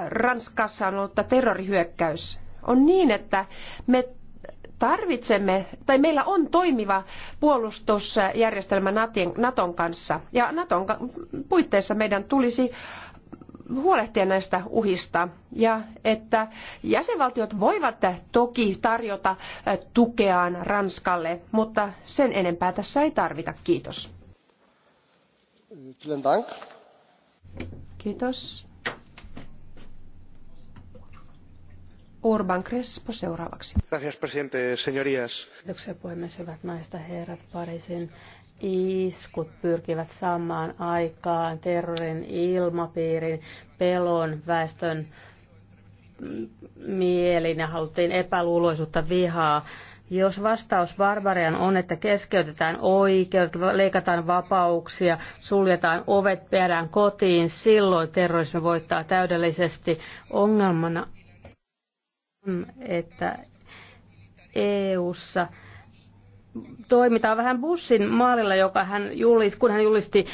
Speaker 1: Ranskassa on ollut terrorihyökkäys. On niin, että me tarvitsemme, tai meillä on toimiva puolustusjärjestelmä Naton kanssa. Ja Naton puitteissa meidän tulisi huolehtia näistä uhista ja että jäsenvaltiot voivat toki tarjota tukeaan Ranskalle, mutta sen enempää tässä ei tarvita. Kiitos. Kiitos. Urban Crespo seuraavaksi.
Speaker 3: Gracias, presidente, señorías.
Speaker 4: Kiitoksia puhemies, hyvät herrat. Pariisin iskut pyrkivät saamaan aikaan terrorin ilmapiirin, pelon, väestön mielin ja haluttiin epäluuloisuutta, vihaa. Jos vastaus barbarian on, että keskeytetään oikeudet, leikataan vapauksia, suljetaan ovet, viedään kotiin, silloin terrorismi voittaa täydellisesti. Ongelmana on, että EU:ssa ssa toimitaan vähän Bushin maalilla, joka hän julisti, kun hän julisti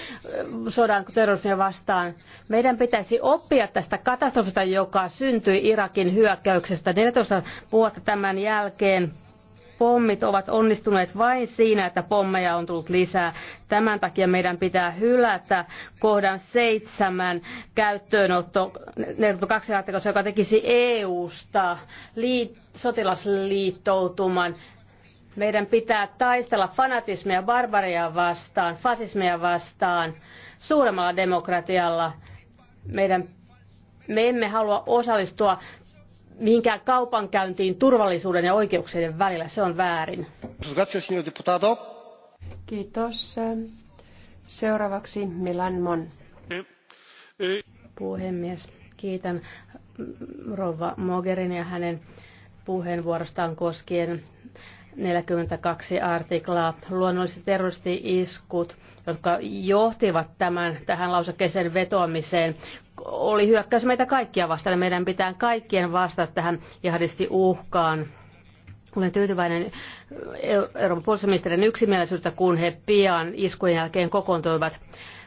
Speaker 4: sodan terrorismia vastaan. Meidän pitäisi oppia tästä katastrofista, joka syntyi Irakin hyökkäyksestä 14 vuotta tämän jälkeen. Pommit ovat onnistuneet vain siinä, että pommeja on tullut lisää. Tämän takia meidän pitää hylätä kohdan seitsemän käyttöönotto 42 joka tekisi EU-sta liit- sotilasliittoutuman meidän pitää taistella fanatismia, barbariaa vastaan, fasismia vastaan, suuremmalla demokratialla. Meidän, me emme halua osallistua mihinkään kaupankäyntiin turvallisuuden ja oikeuksien välillä. Se on väärin. Kiitos. Seuraavaksi Milan Mon. Puhemies, kiitän rouva Mogherin ja hänen puheenvuorostaan koskien 42 artiklaa. Luonnolliset terroristi-iskut, jotka johtivat tämän, tähän lausakkeeseen vetoamiseen, oli hyökkäys meitä kaikkia vastaan. Meidän pitää kaikkien vastata tähän jihadisti uhkaan. Olen tyytyväinen eh, Euroopan puolustusministerin yksimielisyyttä, kun he pian iskujen jälkeen kokoontuivat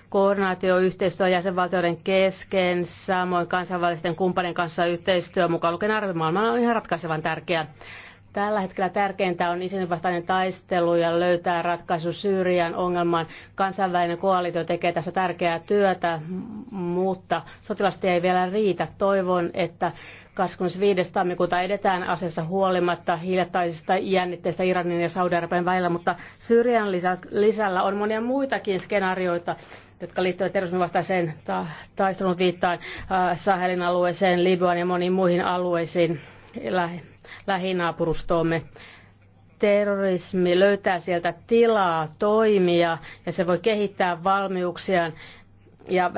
Speaker 4: koordinaatioyhteistyö jäsenvaltioiden kesken, samoin kansainvälisten kumppanien kanssa yhteistyö mukaan lukien arvimaailma on ihan ratkaisevan tärkeää. Tällä hetkellä tärkeintä on isin vastainen taistelu ja löytää ratkaisu Syyrian ongelmaan. Kansainvälinen koalitio tekee tässä tärkeää työtä, mutta sotilasti ei vielä riitä. Toivon, että 25. tammikuuta edetään asiassa huolimatta hiljattaisista jännitteistä Iranin ja Saudi-Arabian välillä, mutta Syyrian lisä, lisällä on monia muitakin skenaarioita, jotka liittyvät terrorismin vastaiseen ta- taistelun viittaan äh, Sahelin alueeseen, Libyan ja moniin muihin alueisiin. Lähi- lähinaapurustoomme. Terrorismi löytää sieltä tilaa toimia ja se voi kehittää valmiuksiaan ja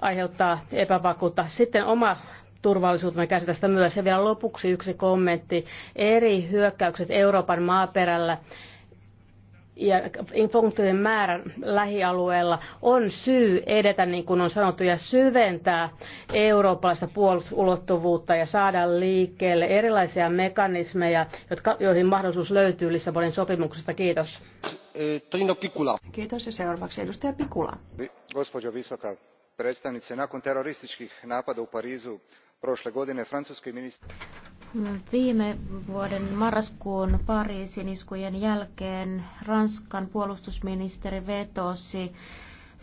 Speaker 4: aiheuttaa epävakuutta. Sitten oma turvallisuutemme käsitästä myös. Ja vielä lopuksi yksi kommentti. Eri hyökkäykset Euroopan maaperällä ja funktioiden määrä lähialueella on syy edetä, niin kuin on sanottu, ja syventää eurooppalaista puolustusulottuvuutta ja saada liikkeelle erilaisia mekanismeja, jotka, joihin mahdollisuus löytyy Lissabonin sopimuksesta. Kiitos. Kiitos ja seuraavaksi edustaja Pikula.
Speaker 3: Gospođo visoka predstavnice, nakon terorističkih napada u Parizu Prošle godine francuski ministar
Speaker 2: Viime vuoden marraskuun Pariisin iskujen jälkeen Ranskan puolustusministeri vetosi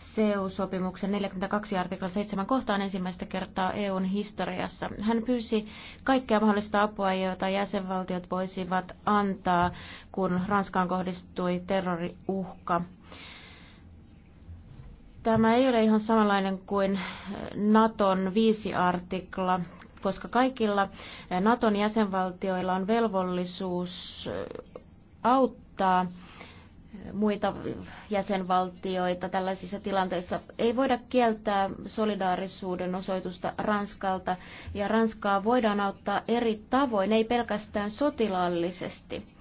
Speaker 2: CEU-sopimuksen 42 artiklan 7 kohtaan ensimmäistä kertaa EUn historiassa. Hän pyysi kaikkea mahdollista apua, jota jäsenvaltiot voisivat antaa, kun Ranskaan kohdistui terroriuhka. Tämä ei ole ihan samanlainen kuin Naton viisi artikla, koska kaikilla Naton jäsenvaltioilla on velvollisuus auttaa muita jäsenvaltioita tällaisissa tilanteissa. Ei voida kieltää solidaarisuuden osoitusta Ranskalta, ja Ranskaa voidaan auttaa eri tavoin, ei pelkästään sotilaallisesti.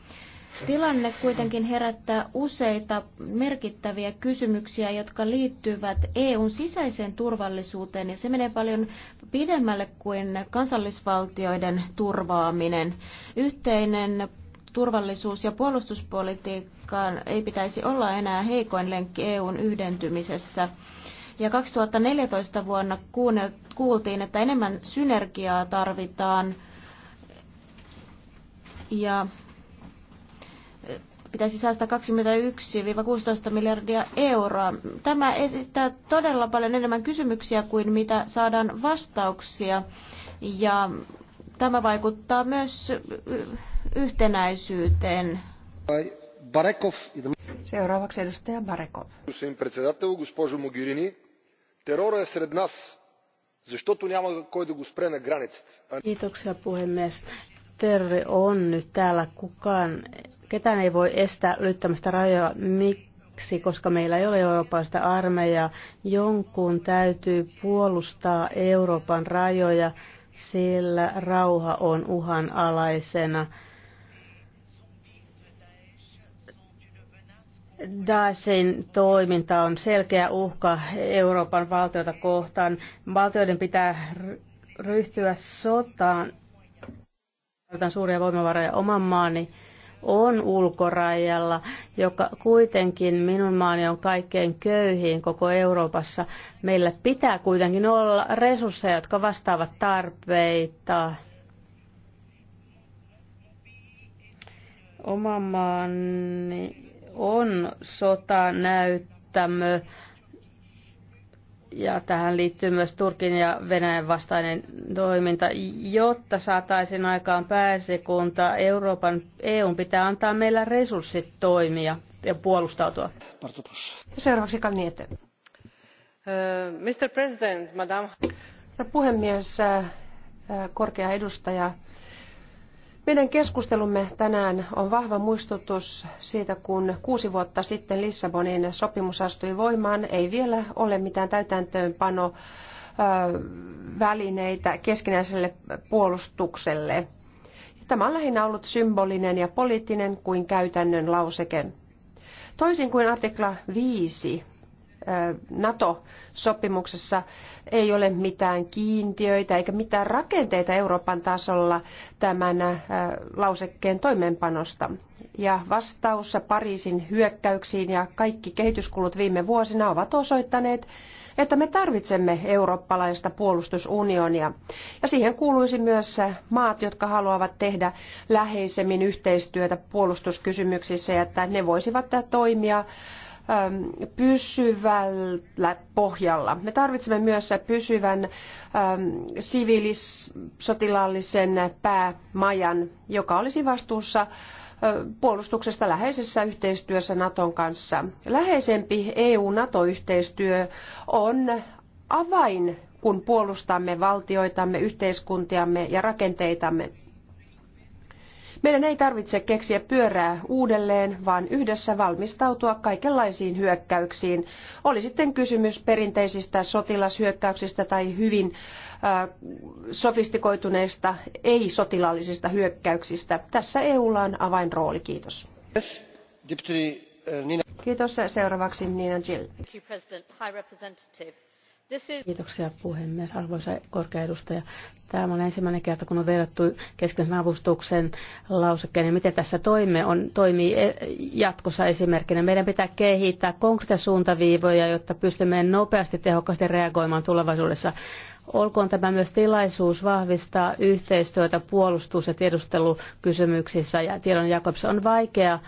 Speaker 2: Tilanne kuitenkin herättää useita merkittäviä kysymyksiä, jotka liittyvät EUn sisäiseen turvallisuuteen, ja se menee paljon pidemmälle kuin kansallisvaltioiden turvaaminen. Yhteinen turvallisuus- ja puolustuspolitiikkaan ei pitäisi olla enää heikoin lenkki EUn yhdentymisessä. Ja 2014 vuonna kuultiin, että enemmän synergiaa tarvitaan. Ja pitäisi säästää 21-16 miljardia euroa. Tämä esittää todella paljon enemmän kysymyksiä kuin mitä saadaan vastauksia. Ja tämä vaikuttaa myös yhtenäisyyteen. Barekov. Seuraavaksi edustaja
Speaker 4: Barekov.
Speaker 3: Председател, госпожо Могерини,
Speaker 4: Kiitoksia puhemies. Terve on nyt täällä. Kukaan Ketään ei voi estää ylittämästä rajoja. Miksi? Koska meillä ei ole eurooppalaista armeijaa. Jonkun täytyy puolustaa Euroopan rajoja, sillä rauha on uhanalaisena. Daeshin toiminta on selkeä uhka Euroopan valtioita kohtaan. Valtioiden pitää ryhtyä sotaan. Käytän suuria voimavaroja oman maani on ulkorajalla, joka kuitenkin minun maani on kaikkein köyhiin koko Euroopassa. Meillä pitää kuitenkin olla resursseja, jotka vastaavat tarpeita. Oma maani on sotanäyttämö ja tähän liittyy myös Turkin ja Venäjän vastainen toiminta. Jotta saataisiin aikaan pääsekunta, Euroopan EU pitää antaa meillä resurssit toimia ja puolustautua. Seuraavaksi Kalniete. Äh, Mr. President, Madam.
Speaker 1: puhemies, äh, äh, korkea edustaja, meidän keskustelumme tänään on vahva muistutus siitä, kun kuusi vuotta sitten Lissabonin sopimus astui voimaan. Ei vielä ole mitään täytäntöönpano välineitä keskinäiselle puolustukselle. Tämä on lähinnä ollut symbolinen ja poliittinen kuin käytännön lauseke. Toisin kuin artikla 5, NATO-sopimuksessa ei ole mitään kiintiöitä eikä mitään rakenteita Euroopan tasolla tämän lausekkeen toimeenpanosta. Ja vastaus Pariisin hyökkäyksiin ja kaikki kehityskulut viime vuosina ovat osoittaneet, että me tarvitsemme eurooppalaista puolustusunionia. Ja siihen kuuluisi myös maat, jotka haluavat tehdä läheisemmin yhteistyötä puolustuskysymyksissä ja että ne voisivat toimia Ähm, pysyvällä pohjalla. Me tarvitsemme myös pysyvän ähm, siviilisotilaallisen päämajan, joka olisi vastuussa äh, puolustuksesta läheisessä yhteistyössä Naton kanssa. Läheisempi EU-NATO-yhteistyö on avain, kun puolustamme valtioitamme, yhteiskuntiamme ja rakenteitamme. Meidän ei tarvitse keksiä pyörää uudelleen, vaan yhdessä valmistautua kaikenlaisiin hyökkäyksiin. Oli sitten kysymys perinteisistä sotilashyökkäyksistä tai hyvin äh, sofistikoituneista ei-sotilaallisista hyökkäyksistä. Tässä EUlla on avainrooli. Kiitos. Kiitos. Seuraavaksi Nina Jill.
Speaker 4: Kiitoksia puhemies, arvoisa korkea edustaja. Tämä on ensimmäinen kerta, kun on verrattu keskeisen avustuksen lausekkeen ja miten tässä toimme on, toimii e, jatkossa esimerkkinä. Meidän pitää kehittää konkreettisia suuntaviivoja, jotta pystymme nopeasti tehokkaasti reagoimaan tulevaisuudessa Olkoon tämä myös tilaisuus vahvistaa yhteistyötä puolustus- ja tiedustelukysymyksissä ja jakamisessa. On vaikea äh,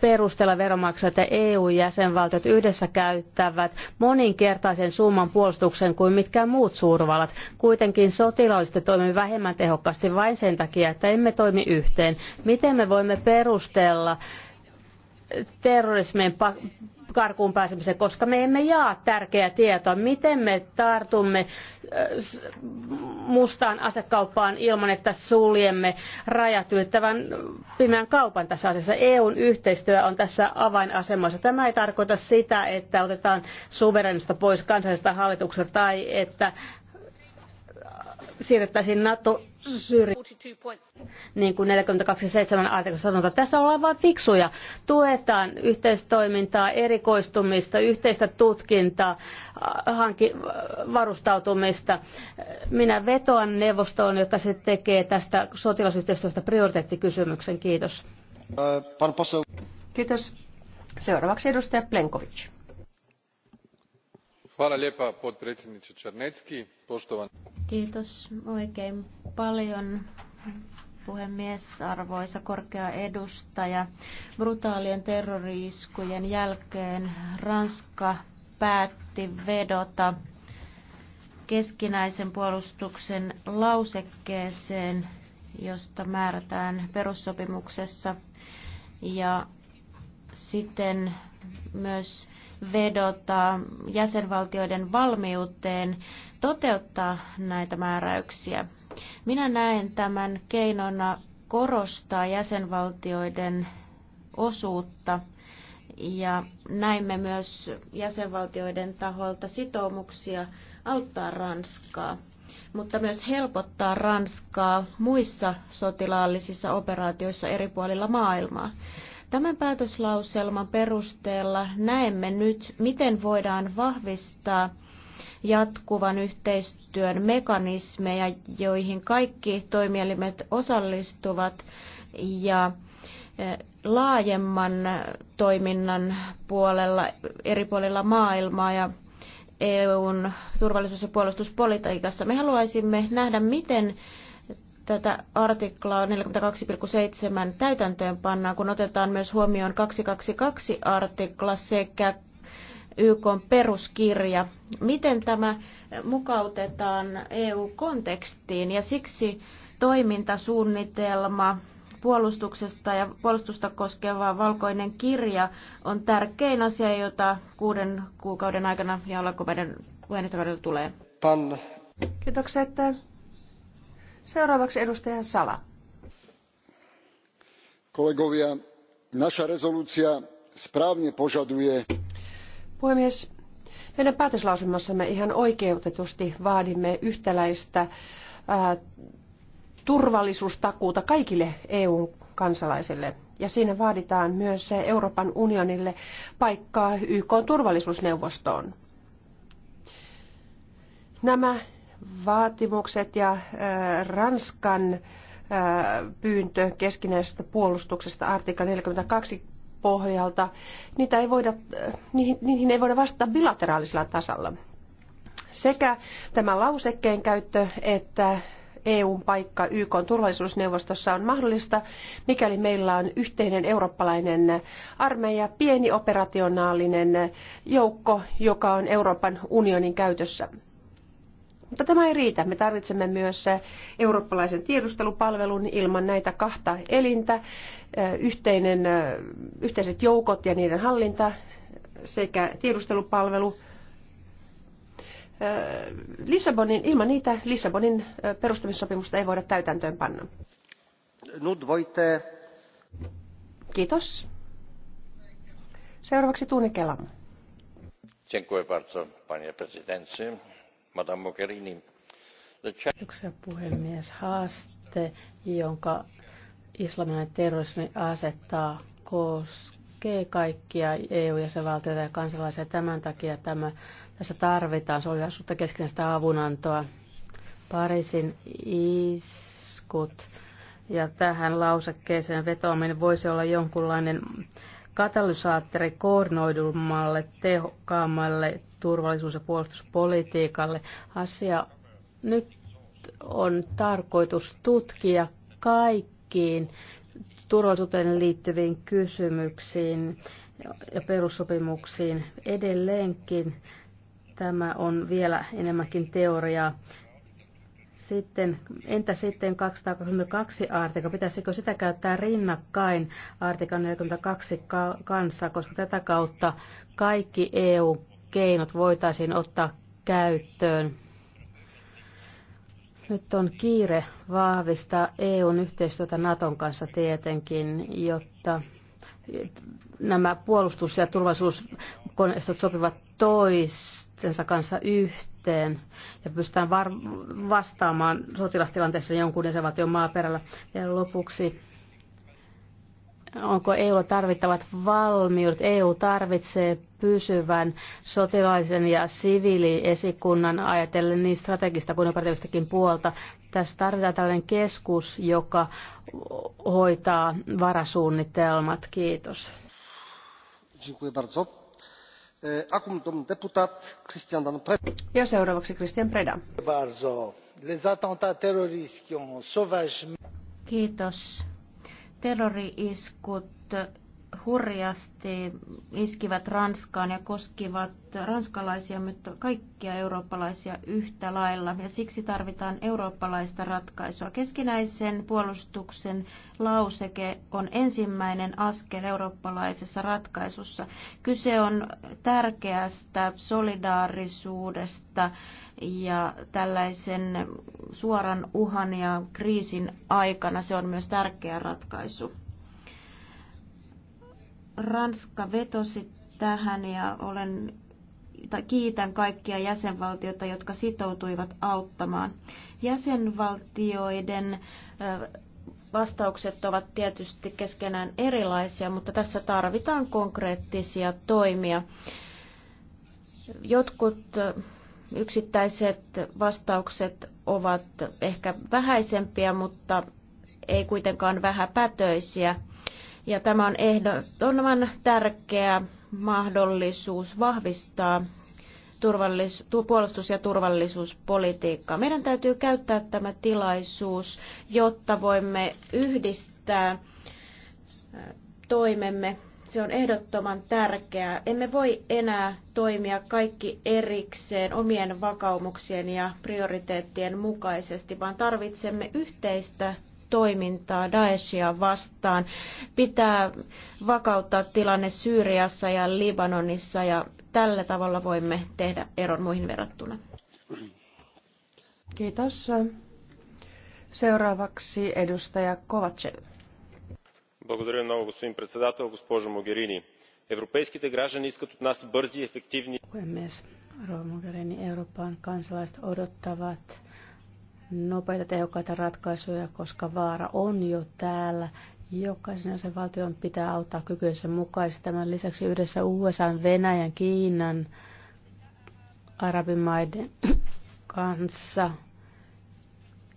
Speaker 4: perustella veronmaksajat että EU-jäsenvaltiot yhdessä käyttävät moninkertaisen summan puolustuksen kuin mitkään muut suurvallat. Kuitenkin sotilaallisesti toimivat vähemmän tehokkaasti vain sen takia, että emme toimi yhteen. Miten me voimme perustella terrorismin karkuun pääsemiseen, koska me emme jaa tärkeää tietoa. Miten me tartumme äh, mustaan asekauppaan ilman, että suljemme rajat ylittävän pimeän kaupan tässä asiassa? EUn yhteistyö on tässä avainasemassa. Tämä ei tarkoita sitä, että otetaan suverenista pois kansallisesta hallituksesta tai että siirrettäisiin NATO niin kuin 42.7 artikossa sanotaan, tässä ollaan vain fiksuja. Tuetaan yhteistoimintaa, erikoistumista, yhteistä tutkintaa, äh, hankin varustautumista. Minä vetoan neuvostoon, joka se tekee tästä sotilasyhteistyöstä prioriteettikysymyksen. Kiitos.
Speaker 1: Äh,
Speaker 4: Kiitos. Seuraavaksi edustaja Plenkovic
Speaker 3: czarnecki poštovana
Speaker 2: kiitos oikein paljon puhemies arvoisa korkea edustaja brutaalien terrori iskujen jälkeen ranska päätti vedota keskinäisen puolustuksen lausekkeeseen josta määrätään perussopimuksessa ja siten myös vedota jäsenvaltioiden valmiuteen toteuttaa näitä määräyksiä. Minä näen tämän keinona korostaa jäsenvaltioiden osuutta ja näimme myös jäsenvaltioiden taholta sitoumuksia auttaa Ranskaa, mutta myös helpottaa Ranskaa muissa sotilaallisissa operaatioissa eri puolilla maailmaa. Tämän päätöslauselman perusteella näemme nyt, miten voidaan vahvistaa jatkuvan yhteistyön mekanismeja, joihin kaikki toimielimet osallistuvat ja e, laajemman toiminnan puolella eri puolilla maailmaa ja EUn turvallisuus- ja puolustuspolitiikassa. Me haluaisimme nähdä, miten tätä artiklaa 42,7 täytäntöönpannaan, kun otetaan myös huomioon 222 artikla sekä YK peruskirja. Miten tämä mukautetaan EU-kontekstiin ja siksi toimintasuunnitelma puolustuksesta ja puolustusta koskeva valkoinen kirja on tärkein asia, jota kuuden kuukauden aikana ja alkuvuoden tulee. Pan. Kiitokset. Seuraavaksi edustaja Sala.
Speaker 3: Kollegovia, naša rezoluutio správne požaduje...
Speaker 1: Puhemies, meidän päätöslauselmassamme ihan oikeutetusti vaadimme yhtäläistä äh, turvallisuustakuuta kaikille EUn kansalaisille. Ja siinä vaaditaan myös Euroopan unionille paikkaa YK turvallisuusneuvostoon. Nämä vaatimukset ja äh, Ranskan äh, pyyntö keskinäisestä puolustuksesta artikla 42 pohjalta, niitä ei voida, äh, niihin, ei voida vastata bilateraalisella tasalla. Sekä tämä lausekkeen käyttö että EUn paikka YK turvallisuusneuvostossa on mahdollista, mikäli meillä on yhteinen eurooppalainen armeija, pieni operationaalinen joukko, joka on Euroopan unionin käytössä. Mutta tämä ei riitä. Me tarvitsemme myös eurooppalaisen tiedustelupalvelun ilman näitä kahta elintä, yhteinen, yhteiset joukot ja niiden hallinta sekä tiedustelupalvelu. Lissabonin, ilman niitä Lissabonin perustamissopimusta ei voida täytäntöön panna.
Speaker 3: Nyt voitte.
Speaker 1: Kiitos. Seuraavaksi Tuune Kelam.
Speaker 3: Dziękuję bardzo, panie prezydencji Madame Mogherini.
Speaker 4: Kiitoksia puhemies. Haaste, jonka islamilainen terrorismi asettaa, koskee kaikkia EU-jäsenvaltioita ja kansalaisia. Tämän takia tämä, tässä tarvitaan solidaisuutta keskinäistä avunantoa. Pariisin iskut ja tähän lausekkeeseen vetoaminen voisi olla jonkunlainen katalysaattori koordinoidummalle, tehokkaammalle turvallisuus- ja puolustuspolitiikalle. Asia nyt on tarkoitus tutkia kaikkiin turvallisuuteen liittyviin kysymyksiin ja perussopimuksiin edelleenkin. Tämä on vielä enemmänkin teoriaa. Sitten, entä sitten 222 artikla? Pitäisikö sitä käyttää rinnakkain artiklan 42 kanssa, koska tätä kautta kaikki EU keinot voitaisiin ottaa käyttöön. Nyt on kiire vahvistaa EUn yhteistyötä Naton kanssa tietenkin, jotta nämä puolustus- ja turvallisuuskoneistot sopivat toistensa kanssa yhteen ja pystytään var- vastaamaan sotilastilanteessa jonkun jäsenvaltion maaperällä. Ja lopuksi onko EU tarvittavat valmiudet. EU tarvitsee pysyvän sotilaisen ja siviiliesikunnan ajatellen niin strategista kuin operatiivistakin puolta. Tässä tarvitaan tällainen keskus, joka hoitaa varasuunnitelmat. Kiitos.
Speaker 3: E, ja seuraavaksi Christian Preda.
Speaker 2: Kiitos terrori-iskut hurjasti iskivät Ranskaan ja koskivat ranskalaisia, mutta kaikkia eurooppalaisia yhtä lailla. Ja siksi tarvitaan eurooppalaista ratkaisua. Keskinäisen puolustuksen lauseke on ensimmäinen askel eurooppalaisessa ratkaisussa. Kyse on tärkeästä solidaarisuudesta ja tällaisen suoran uhan ja kriisin aikana se on myös tärkeä ratkaisu. Ranska vetosi tähän ja olen, tai kiitän kaikkia jäsenvaltioita, jotka sitoutuivat auttamaan. Jäsenvaltioiden vastaukset ovat tietysti keskenään erilaisia, mutta tässä tarvitaan konkreettisia toimia. Jotkut yksittäiset vastaukset ovat ehkä vähäisempiä, mutta ei kuitenkaan vähäpätöisiä. Ja tämä on ehdottoman tärkeä mahdollisuus vahvistaa turvallis- puolustus- ja turvallisuuspolitiikkaa. Meidän täytyy käyttää tämä tilaisuus, jotta voimme yhdistää toimemme. Se on ehdottoman tärkeää. Emme voi enää toimia kaikki erikseen omien vakaumuksien ja prioriteettien mukaisesti, vaan tarvitsemme yhteistä toimintaa Daeshia vastaan. Pitää vakauttaa tilanne Syyriassa ja Libanonissa ja tällä tavalla voimme tehdä eron muihin verrattuna. Kiitos. Seuraavaksi edustaja Kovacev.
Speaker 3: Благодаря много, господин председател, госпожо Могерини. Европейските граждани искат от нас бързи, ефективни...
Speaker 4: Puhemies, Rova Mogherini, Euroopan kansalaiset odottavat nopeita tehokkaita ratkaisuja, koska vaara on jo täällä. Jokaisen jäsenvaltion pitää auttaa kykyensä mukaisesti. Tämän lisäksi yhdessä USA, Venäjän, Kiinan, arabimaiden kanssa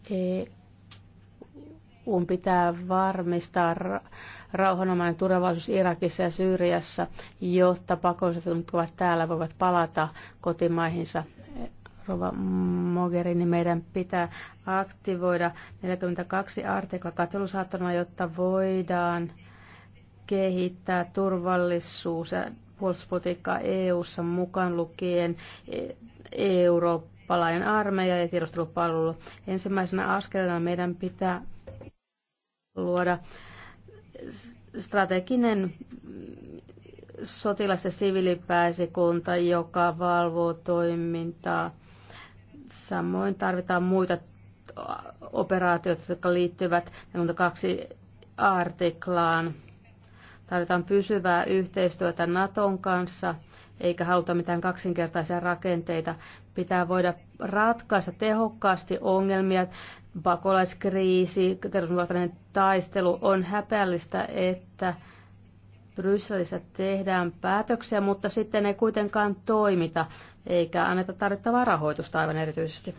Speaker 4: EUn pitää varmistaa rauhanomainen turvallisuus Irakissa ja Syyriassa, jotta pakolliset, jotka ovat täällä, voivat palata kotimaihinsa Rova Mogherini, niin meidän pitää aktivoida 42 artikla katselusaattona, jotta voidaan kehittää turvallisuus- ja puolustuspolitiikkaa EU-ssa mukaan lukien eurooppalainen armeija ja tiedustelupalvelu. Ensimmäisenä askeleena meidän pitää luoda strateginen sotilas- ja siviilipääsikunta, joka valvoo toimintaa Samoin tarvitaan muita operaatioita, jotka liittyvät kaksi artiklaan. Tarvitaan pysyvää yhteistyötä Naton kanssa, eikä haluta mitään kaksinkertaisia rakenteita. Pitää voida ratkaista tehokkaasti ongelmia. Pakolaiskriisi, terveysvaltainen taistelu on häpeällistä, että Brysselissä tehdään päätöksiä, mutta sitten ei kuitenkaan toimita eikä anneta tarvittavaa rahoitusta aivan erityisesti.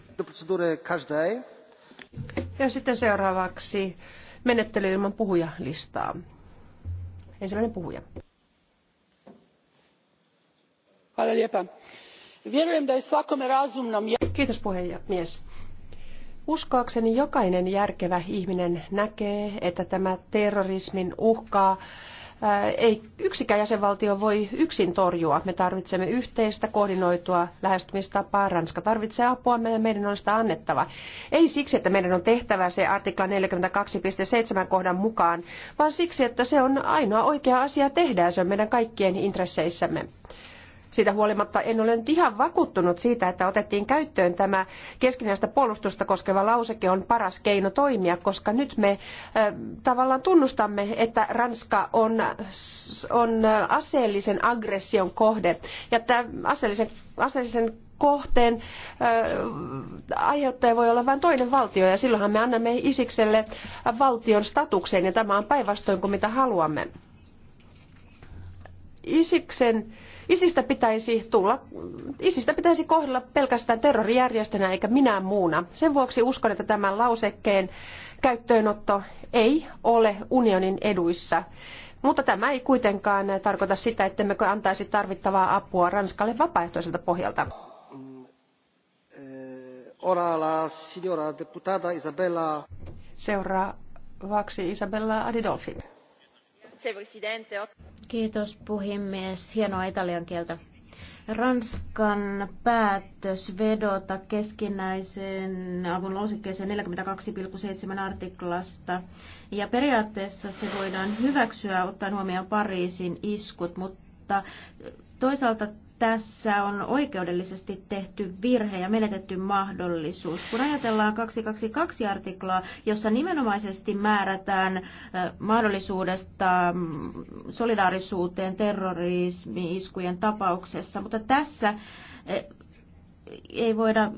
Speaker 4: Ja sitten seuraavaksi menettely ilman puhujalistaa.
Speaker 1: Ensimmäinen puhuja. Kiitos puhemies. Uskoakseni jokainen järkevä ihminen näkee, että tämä terrorismin uhkaa ei yksikään jäsenvaltio voi yksin torjua. Me tarvitsemme yhteistä koordinoitua lähestymistapaa. Ranska tarvitsee apua ja meidän on sitä annettava. Ei siksi, että meidän on tehtävä se artikla 42.7 kohdan mukaan, vaan siksi, että se on ainoa oikea asia tehdä ja se on meidän kaikkien intresseissämme. Siitä huolimatta en ole nyt ihan vakuuttunut siitä, että otettiin käyttöön tämä keskinäistä puolustusta koskeva lauseke on paras keino toimia, koska nyt me tavallaan tunnustamme, että Ranska on, on aseellisen aggression kohde. Ja tämä aseellisen, aseellisen kohteen aiheuttaja voi olla vain toinen valtio ja silloinhan me annamme isikselle valtion statukseen ja tämä on päinvastoin kuin mitä haluamme. Isiksen Isistä pitäisi, tulla, isistä pitäisi kohdella pelkästään terrorijärjestönä eikä minään muuna. Sen vuoksi uskon, että tämän lausekkeen käyttöönotto ei ole unionin eduissa. Mutta tämä ei kuitenkaan tarkoita sitä, ettemmekö antaisi tarvittavaa apua Ranskalle vapaaehtoiselta pohjalta.
Speaker 3: Ora la signora deputata Isabella.
Speaker 2: Seuraavaksi Isabella Adidolfi Kiitos puhemies. Hienoa italian kieltä. Ranskan päätös vedota keskinäisen avun lausekkeeseen 42,7 artiklasta. Ja periaatteessa se voidaan hyväksyä ottaen huomioon Pariisin iskut, mutta toisaalta tässä on oikeudellisesti tehty virhe ja menetetty mahdollisuus. Kun ajatellaan 222 artiklaa, jossa nimenomaisesti määrätään mahdollisuudesta mm, solidaarisuuteen terrorismi-iskujen tapauksessa, mutta tässä ei voida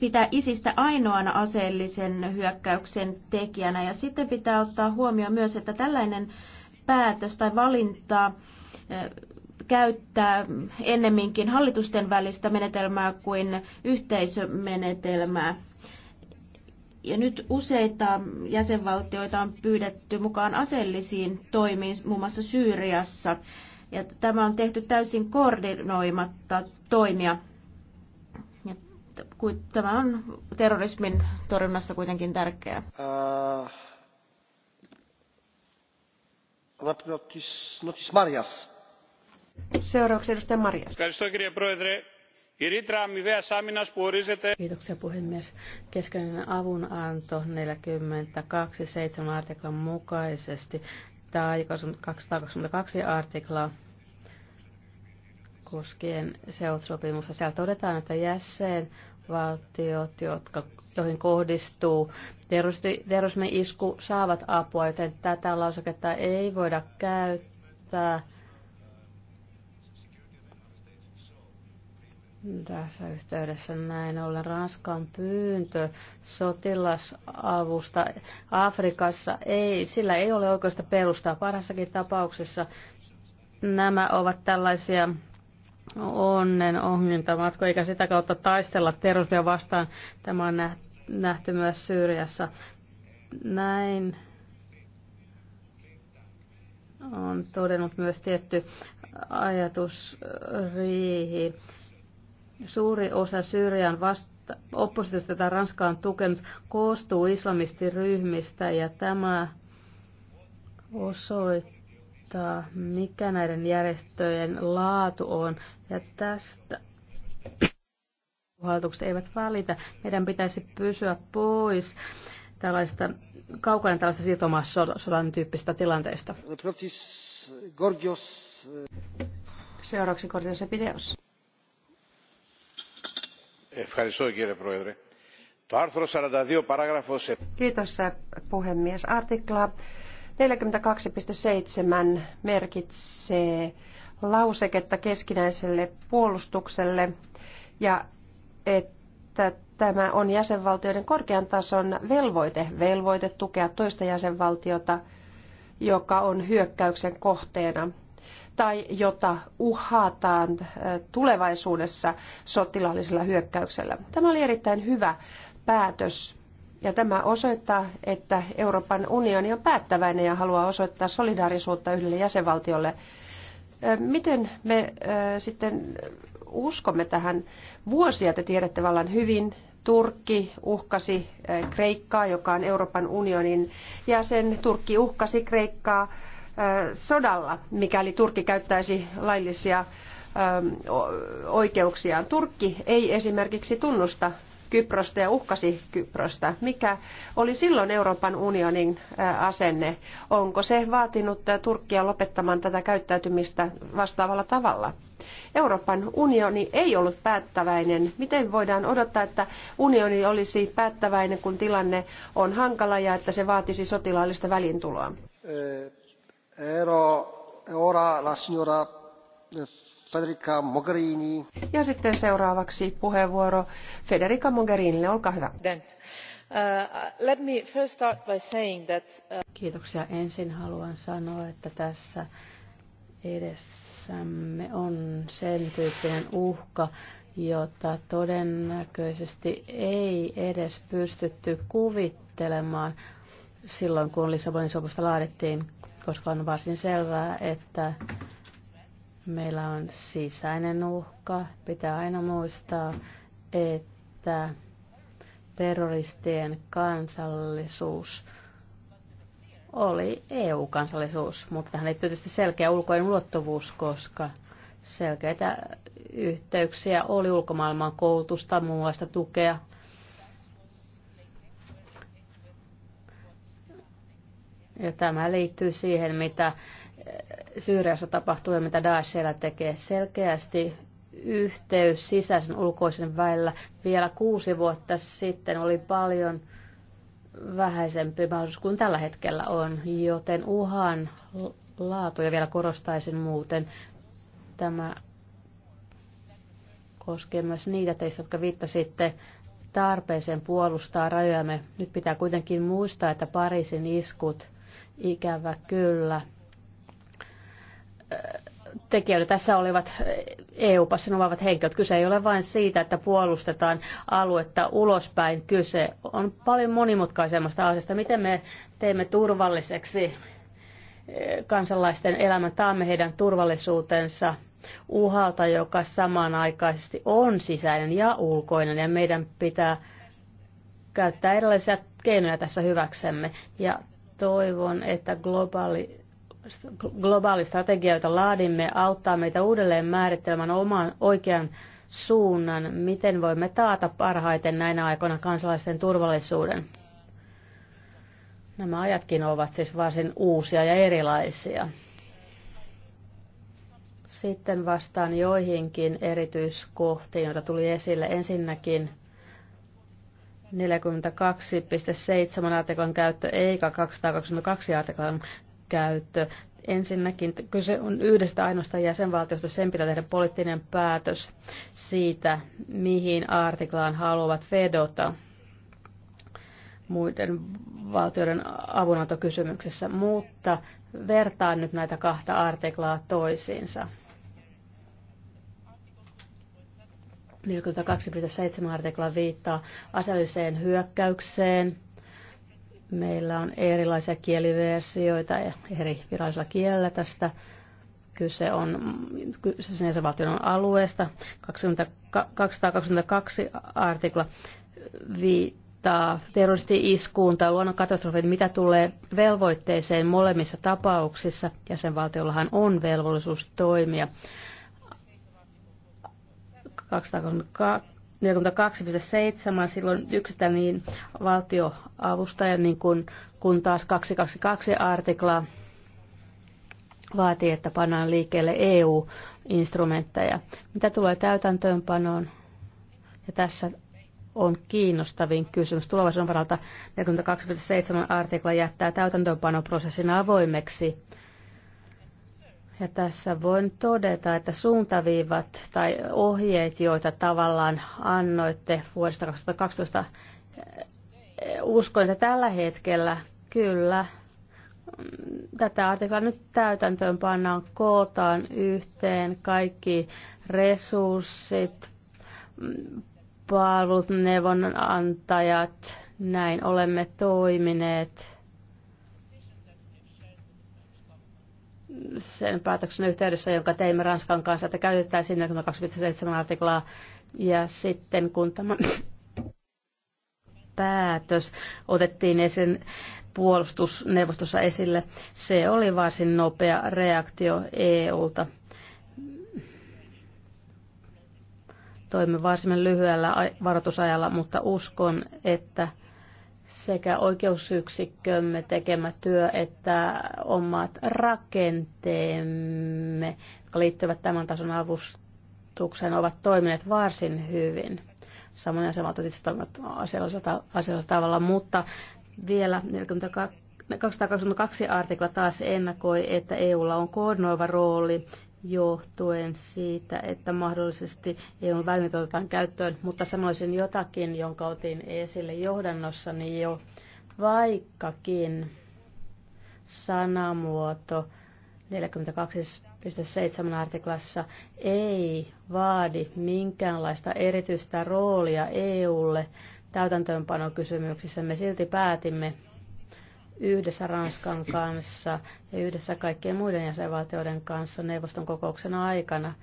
Speaker 2: pitää isistä ainoana aseellisen hyökkäyksen tekijänä. Ja sitten pitää ottaa huomioon myös, että tällainen päätös tai valinta käyttää ennemminkin hallitusten välistä menetelmää kuin yhteisömenetelmää. Ja nyt useita jäsenvaltioita on pyydetty mukaan aseellisiin toimiin, muun muassa Syyriassa. Ja tämä on tehty täysin koordinoimatta toimia. Ja tämä on terrorismin torjunnassa kuitenkin tärkeää.
Speaker 3: Uh, Marjas
Speaker 2: arvoisa edustaja
Speaker 4: Marias. Kiitoksia puhemies. Keskeinen avunanto 42.7 artiklan mukaisesti tai kaksisataakaksikymmentäkaksi artiklaa koskien SEUT-sopimusta. Siellä todetaan, että jäsenvaltiot, jotka, joihin kohdistuu terrorismi isku, saavat apua, joten tätä lauseketta ei voida käyttää Tässä yhteydessä näin ollen Ranskan pyyntö sotilasavusta Afrikassa ei, sillä ei ole oikeasta perustaa. Parhassakin tapauksessa nämä ovat tällaisia onnen ongintamatko, eikä sitä kautta taistella terrorismia vastaan. Tämä on nähty myös Syyriassa. Näin on todennut myös tietty ajatusriihi Suuri osa Syyrian vasta- oppositiosta, jota Ranska on tukenut, koostuu islamistiryhmistä ja tämä osoittaa, mikä näiden järjestöjen laatu on. Ja tästä puhaltukset eivät valita. Meidän pitäisi pysyä pois tällaista, kaukana tällaista siirtomaassodan tyyppistä tilanteista. Seuraavaksi Gordios
Speaker 3: eh,
Speaker 1: videossa. Kiitos puhemies. Artikla 42.7 merkitsee lauseketta keskinäiselle puolustukselle ja että tämä on jäsenvaltioiden korkean tason velvoite, velvoite tukea toista jäsenvaltiota, joka on hyökkäyksen kohteena tai jota uhataan äh, tulevaisuudessa sotilaallisella hyökkäyksellä. Tämä oli erittäin hyvä päätös ja tämä osoittaa, että Euroopan unioni on päättäväinen ja haluaa osoittaa solidaarisuutta yhdelle jäsenvaltiolle. Äh, miten me äh, sitten uskomme tähän? Vuosia te tiedätte vallan hyvin. Turkki uhkasi Kreikkaa, joka on Euroopan unionin jäsen. Turkki uhkasi Kreikkaa sodalla, mikäli Turkki käyttäisi laillisia oikeuksiaan. Turkki ei esimerkiksi tunnusta Kyprosta ja uhkasi Kyprosta. Mikä oli silloin Euroopan unionin asenne? Onko se vaatinut Turkkia lopettamaan tätä käyttäytymistä vastaavalla tavalla? Euroopan unioni ei ollut päättäväinen. Miten voidaan odottaa, että unioni olisi päättäväinen, kun tilanne on hankala ja että se vaatisi sotilaallista välintuloa? Eh, ja sitten seuraavaksi puheenvuoro Federica Mogherinille, olkaa hyvä. Uh,
Speaker 4: uh, Kiitoksia. Ensin haluan sanoa, että tässä edessämme on sen tyyppinen uhka, jota todennäköisesti ei edes pystytty kuvittelemaan silloin, kun Lissabonin sopimusta laadittiin koska on varsin selvää, että meillä on sisäinen uhka. Pitää aina muistaa, että terroristien kansallisuus oli EU-kansallisuus, mutta tähän liittyy tietysti selkeä ulkoinen ulottuvuus, koska selkeitä yhteyksiä oli ulkomaailman koulutusta, muun muassa tukea Ja tämä liittyy siihen, mitä eh, Syyriassa tapahtuu ja mitä Daesh siellä tekee. Selkeästi yhteys sisäisen ulkoisen välillä vielä kuusi vuotta sitten oli paljon vähäisempi mahdollisuus kuin tällä hetkellä on, joten uhan laatuja vielä korostaisin muuten. Tämä koskee myös niitä teistä, jotka viittasitte tarpeeseen puolustaa rajojamme. Nyt pitää kuitenkin muistaa, että Pariisin iskut – ikävä kyllä. Tekijöitä tässä olivat EU-passin omaavat henkilöt. Kyse ei ole vain siitä, että puolustetaan aluetta ulospäin. Kyse on paljon monimutkaisemmasta asiasta. Miten me teemme turvalliseksi kansalaisten elämän, taamme heidän turvallisuutensa uhalta, joka samanaikaisesti on sisäinen ja ulkoinen, ja meidän pitää käyttää erilaisia keinoja tässä hyväksemme. Ja Toivon, että globaali, globaali strategia, jota laadimme, auttaa meitä uudelleen määrittelemään oman oikean suunnan, miten voimme taata parhaiten näinä aikoina kansalaisten turvallisuuden. Nämä ajatkin ovat siis varsin uusia ja erilaisia. Sitten vastaan joihinkin erityiskohtiin, joita tuli esille. Ensinnäkin 42.7 artiklan käyttö eikä 222 artiklan käyttö. Ensinnäkin kyse on yhdestä ainoasta jäsenvaltiosta, sen pitää tehdä poliittinen päätös siitä, mihin artiklaan haluavat vedota muiden valtioiden avunantokysymyksessä, mutta vertaan nyt näitä kahta artiklaa toisiinsa. 42.7 artikla viittaa aseelliseen hyökkäykseen. Meillä on erilaisia kieliversioita eri virallisella kielellä tästä. Kyse on kyseisen jäsenvaltion alueesta. 222 artikla viittaa terroristi-iskuun tai luonnonkatastrofiin, mitä tulee velvoitteeseen molemmissa tapauksissa. Jäsenvaltiollahan on velvollisuus toimia 242,7, silloin yksittäinen niin valtioavustaja, niin kun, kun taas 222 artikla vaatii, että pannaan liikkeelle EU-instrumentteja. Mitä tulee täytäntöönpanoon? Ja tässä on kiinnostavin kysymys. Tulevaisuuden varalta 42.7 artikla jättää täytäntöönpanoprosessin avoimeksi ja tässä voin todeta, että suuntaviivat tai ohjeet, joita tavallaan annoitte vuodesta 2012, eh, uskon, että tällä hetkellä kyllä mm, tätä artiklaa nyt täytäntöön pannaan, kootaan yhteen kaikki resurssit, mm, palvelut, neuvonantajat, näin olemme toimineet sen päätöksen yhteydessä, jonka teimme Ranskan kanssa, että käytettäisiin 427 artiklaa. Ja sitten kun tämä päätös otettiin esiin puolustusneuvostossa esille, se oli varsin nopea reaktio EUlta. Toimme varsin lyhyellä varoitusajalla, mutta uskon, että sekä oikeusyksikkömme tekemä työ että omat rakenteemme, jotka liittyvät tämän tason avustukseen, ovat toimineet varsin hyvin. Samoin jäsenvaltiot itse toimivat asiallisella, asiallisella tavalla, mutta vielä 42 222 artikla taas ennakoi, että EUlla on koordinoiva rooli johtuen siitä, että mahdollisesti ole välineet otetaan käyttöön, mutta sanoisin jotakin, jonka otin esille johdannossani jo, vaikkakin sanamuoto 42.7 artiklassa ei vaadi minkäänlaista erityistä roolia EUlle täytäntöönpanokysymyksissä. Me silti päätimme yhdessä Ranskan kanssa ja yhdessä kaikkien muiden jäsenvaltioiden kanssa neuvoston kokouksen aikana,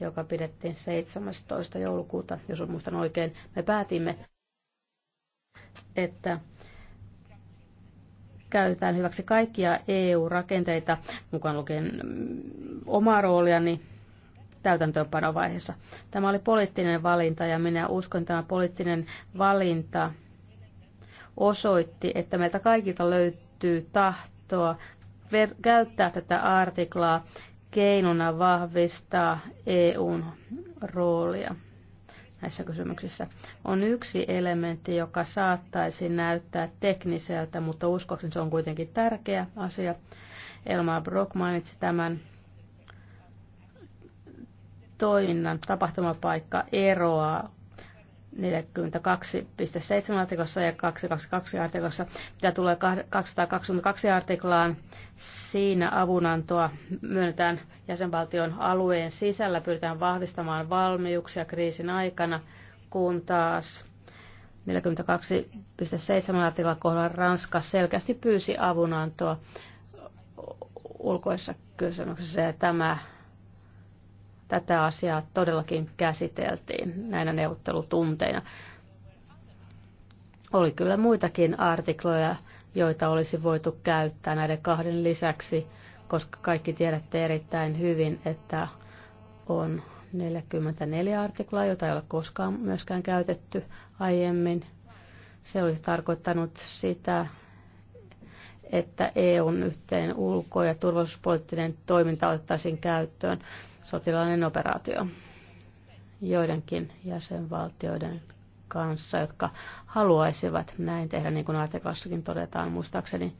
Speaker 4: joka pidettiin 17. joulukuuta, jos muistan oikein. Me päätimme, että käytetään hyväksi kaikkia EU-rakenteita, mukaan lukien mm, omaa rooliani täytäntöönpanovaiheessa. Tämä oli poliittinen valinta ja minä uskon, että tämä poliittinen valinta osoitti, että meiltä kaikilta löytyy tahtoa käyttää tätä artiklaa keinona vahvistaa EUn roolia näissä kysymyksissä. On yksi elementti, joka saattaisi näyttää tekniseltä, mutta uskoakseni se on kuitenkin tärkeä asia. Elmar Brock mainitsi tämän toiminnan tapahtumapaikka eroaa 42.7 artikossa ja 222 artikossa, mitä tulee 222 artiklaan. Siinä avunantoa myönnetään jäsenvaltion alueen sisällä, pyritään vahvistamaan valmiuksia kriisin aikana, kun taas 42.7 artikla kohdalla Ranska selkeästi pyysi avunantoa ulkoissa kysymyksessä ja tämä tätä asiaa todellakin käsiteltiin näinä neuvottelutunteina. Oli kyllä muitakin artikloja, joita olisi voitu käyttää näiden kahden lisäksi, koska kaikki tiedätte erittäin hyvin, että on 44 artiklaa, joita ei ole koskaan myöskään käytetty aiemmin. Se olisi tarkoittanut sitä, että EUn yhteen ulko- ja turvallisuuspoliittinen toiminta otettaisiin käyttöön sotilaallinen operaatio joidenkin jäsenvaltioiden kanssa, jotka haluaisivat näin tehdä, niin kuin artiklassakin todetaan muistaakseni.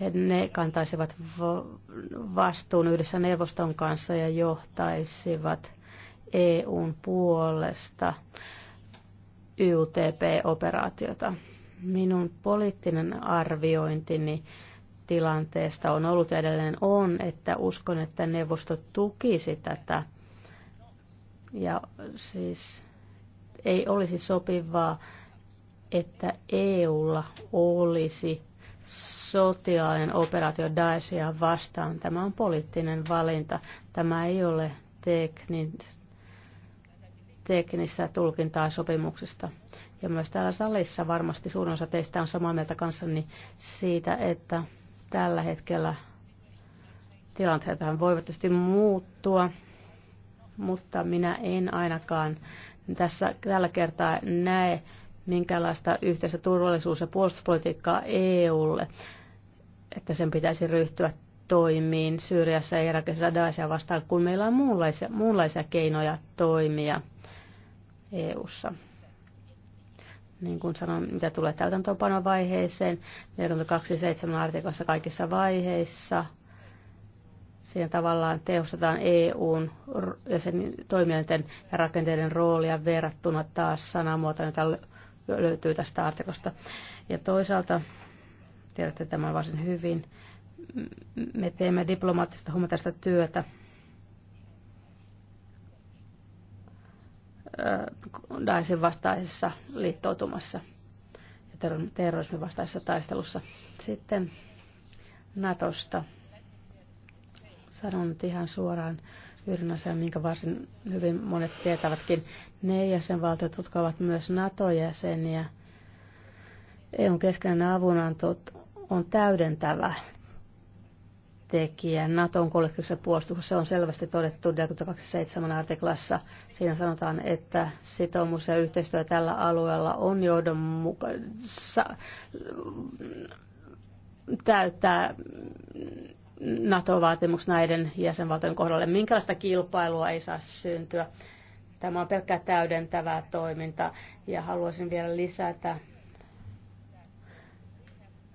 Speaker 4: He, ne kantaisivat vastuun yhdessä neuvoston kanssa ja johtaisivat EUn puolesta YTP-operaatiota. Minun poliittinen arviointini tilanteesta on ollut ja edelleen on, että uskon, että neuvosto tukisi tätä. Ja siis ei olisi sopivaa, että EUlla olisi sotilaallinen operaatio Daesia vastaan. Tämä on poliittinen valinta. Tämä ei ole tekninen teknistä tulkintaa sopimuksesta. Ja myös täällä salissa varmasti suurin osa teistä on samaa mieltä kanssani siitä, että Tällä hetkellä tilanteet voivat tietysti muuttua, mutta minä en ainakaan tässä tällä kertaa näe minkälaista yhteistä turvallisuus- ja puolustuspolitiikkaa EUlle, että sen pitäisi ryhtyä toimiin Syyriassa ja Irakissa Daesia vastaan, kun meillä on muunlaisia, muunlaisia keinoja toimia EUssa niin kuin sanoin, mitä tulee täytäntöönpanovaiheeseen, 42.7 artikossa kaikissa vaiheissa. Siinä tavallaan tehostetaan EUn ja sen toimielinten ja rakenteiden roolia verrattuna taas sanamuotoon, jota löytyy tästä artikosta. Ja toisaalta, tiedätte tämän varsin hyvin, me teemme diplomaattista humanitaarista työtä Äh, Daesin vastaisessa liittoutumassa ja terrorismin vastaisessa taistelussa. Sitten Natosta. Sanon nyt ihan suoraan yhden asian, minkä varsin hyvin monet tietävätkin. Ne jäsenvaltiot, jotka ovat myös NATO-jäseniä, EUn keskeinen avunanto on täydentävä tekijä Naton kollektiivisessa puolustuksessa on selvästi todettu 27 artiklassa. Siinä sanotaan, että sitoumus ja yhteistyö tällä alueella on johdonmukaisessa täyttää NATO-vaatimus näiden jäsenvaltojen kohdalle. Minkälaista kilpailua ei saa syntyä? Tämä on pelkkää täydentävää toimintaa ja haluaisin vielä lisätä,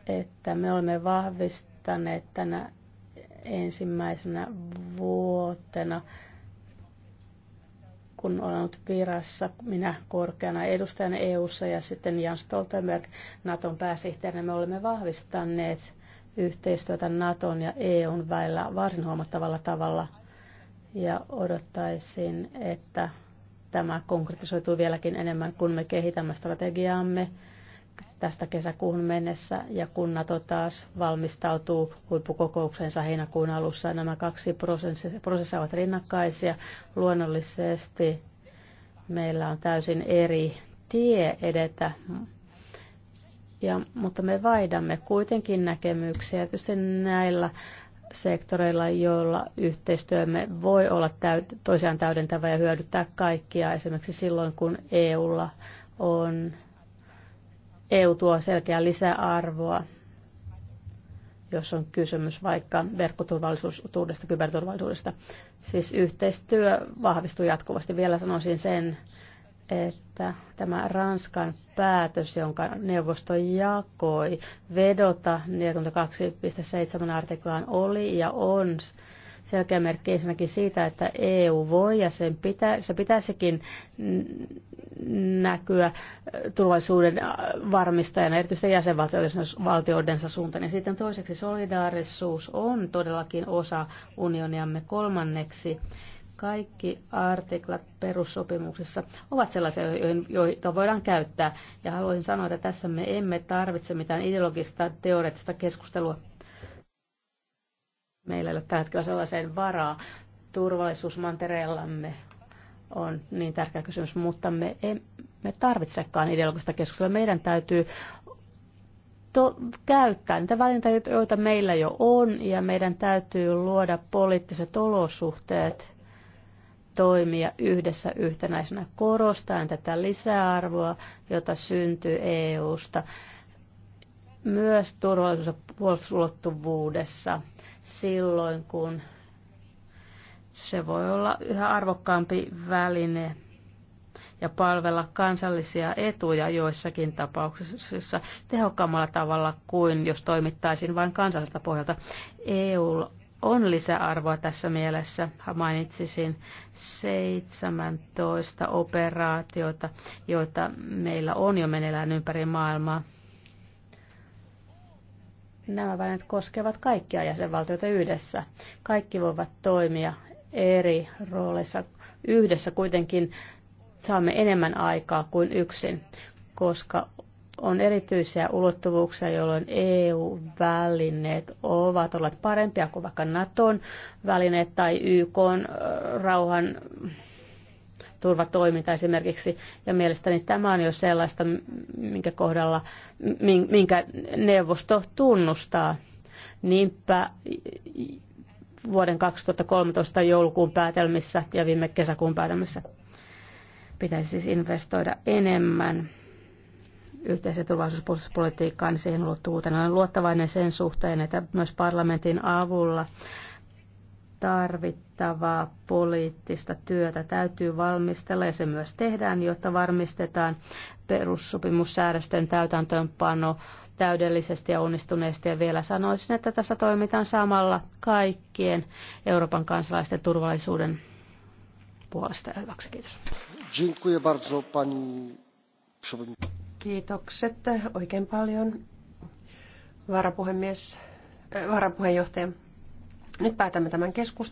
Speaker 4: että me olemme vahvistaneet tänä ensimmäisenä vuotena, kun olen ollut virassa, minä korkeana edustajana EU:ssa ja sitten Jan Stoltenberg Naton pääsihteerinä, me olemme vahvistaneet yhteistyötä Naton ja EUn välillä varsin huomattavalla tavalla. Ja odottaisin, että tämä konkretisoituu vieläkin enemmän, kun me kehitämme strategiaamme tästä kesäkuun mennessä ja kunnat taas valmistautuu huippukokouksensa heinäkuun alussa. Nämä kaksi prosessia ovat rinnakkaisia. Luonnollisesti meillä on täysin eri tie edetä, ja, mutta me vaihdamme kuitenkin näkemyksiä tietysti näillä sektoreilla, joilla yhteistyömme voi olla täyt, toisiaan täydentävä ja hyödyttää kaikkia, esimerkiksi silloin kun EUlla on EU tuo selkeää lisäarvoa, jos on kysymys vaikka verkkoturvallisuudesta, kyberturvallisuudesta. Siis yhteistyö vahvistuu jatkuvasti. Vielä sanoisin sen, että tämä Ranskan päätös, jonka neuvosto jakoi vedota 42.7 artiklaan oli ja on selkeä merkki ensinnäkin siitä, että EU voi ja sen pitä, se pitäisikin näkyä turvallisuuden varmistajana, erityisesti jäsenvaltioidensa suuntaan. Ja sitten toiseksi solidaarisuus on todellakin osa unioniamme kolmanneksi kaikki artiklat perussopimuksessa ovat sellaisia, joita voidaan käyttää. Ja haluaisin sanoa, että tässä me emme tarvitse mitään ideologista, teoreettista keskustelua Meillä ei ole tällä hetkellä sellaiseen varaa. Turvallisuus mantereellamme on niin tärkeä kysymys, mutta me emme tarvitsekaan ideologista keskustelua. Meidän täytyy to, käyttää niitä välineitä, joita meillä jo on, ja meidän täytyy luoda poliittiset olosuhteet toimia yhdessä yhtenäisenä korostaen tätä lisäarvoa, jota syntyy EU-sta myös turvallisuus- ja puolustusulottuvuudessa silloin, kun se voi olla yhä arvokkaampi väline ja palvella kansallisia etuja joissakin tapauksissa tehokkaammalla tavalla kuin jos toimittaisiin vain kansalliselta pohjalta. EU on lisäarvoa tässä mielessä. Mainitsisin 17 operaatiota, joita meillä on jo meneillään ympäri maailmaa. Nämä välineet koskevat kaikkia jäsenvaltioita yhdessä. Kaikki voivat toimia eri rooleissa. Yhdessä kuitenkin saamme enemmän aikaa kuin yksin, koska on erityisiä ulottuvuuksia, jolloin EU-välineet ovat olleet parempia kuin vaikka Naton välineet tai YK rauhan turvatoiminta esimerkiksi. Ja mielestäni tämä on jo sellaista, minkä kohdalla, minkä neuvosto tunnustaa. Niinpä vuoden 2013 joulukuun päätelmissä ja viime kesäkuun päätelmissä pitäisi siis investoida enemmän yhteisen turvallisuuspolitiikkaan, niin siihen uutena. Olen luottavainen sen suhteen, että myös parlamentin avulla tarvittavaa poliittista työtä täytyy valmistella ja se myös tehdään, jotta varmistetaan perussopimussäädösten täytäntöönpano täydellisesti ja onnistuneesti. Ja vielä sanoisin, että tässä toimitaan samalla kaikkien Euroopan kansalaisten turvallisuuden puolesta ja hyväksi. Kiitos. Kiitokset
Speaker 1: oikein paljon, varapuhemies, varapuheenjohtaja. Nyt päätämme tämän keskustelun.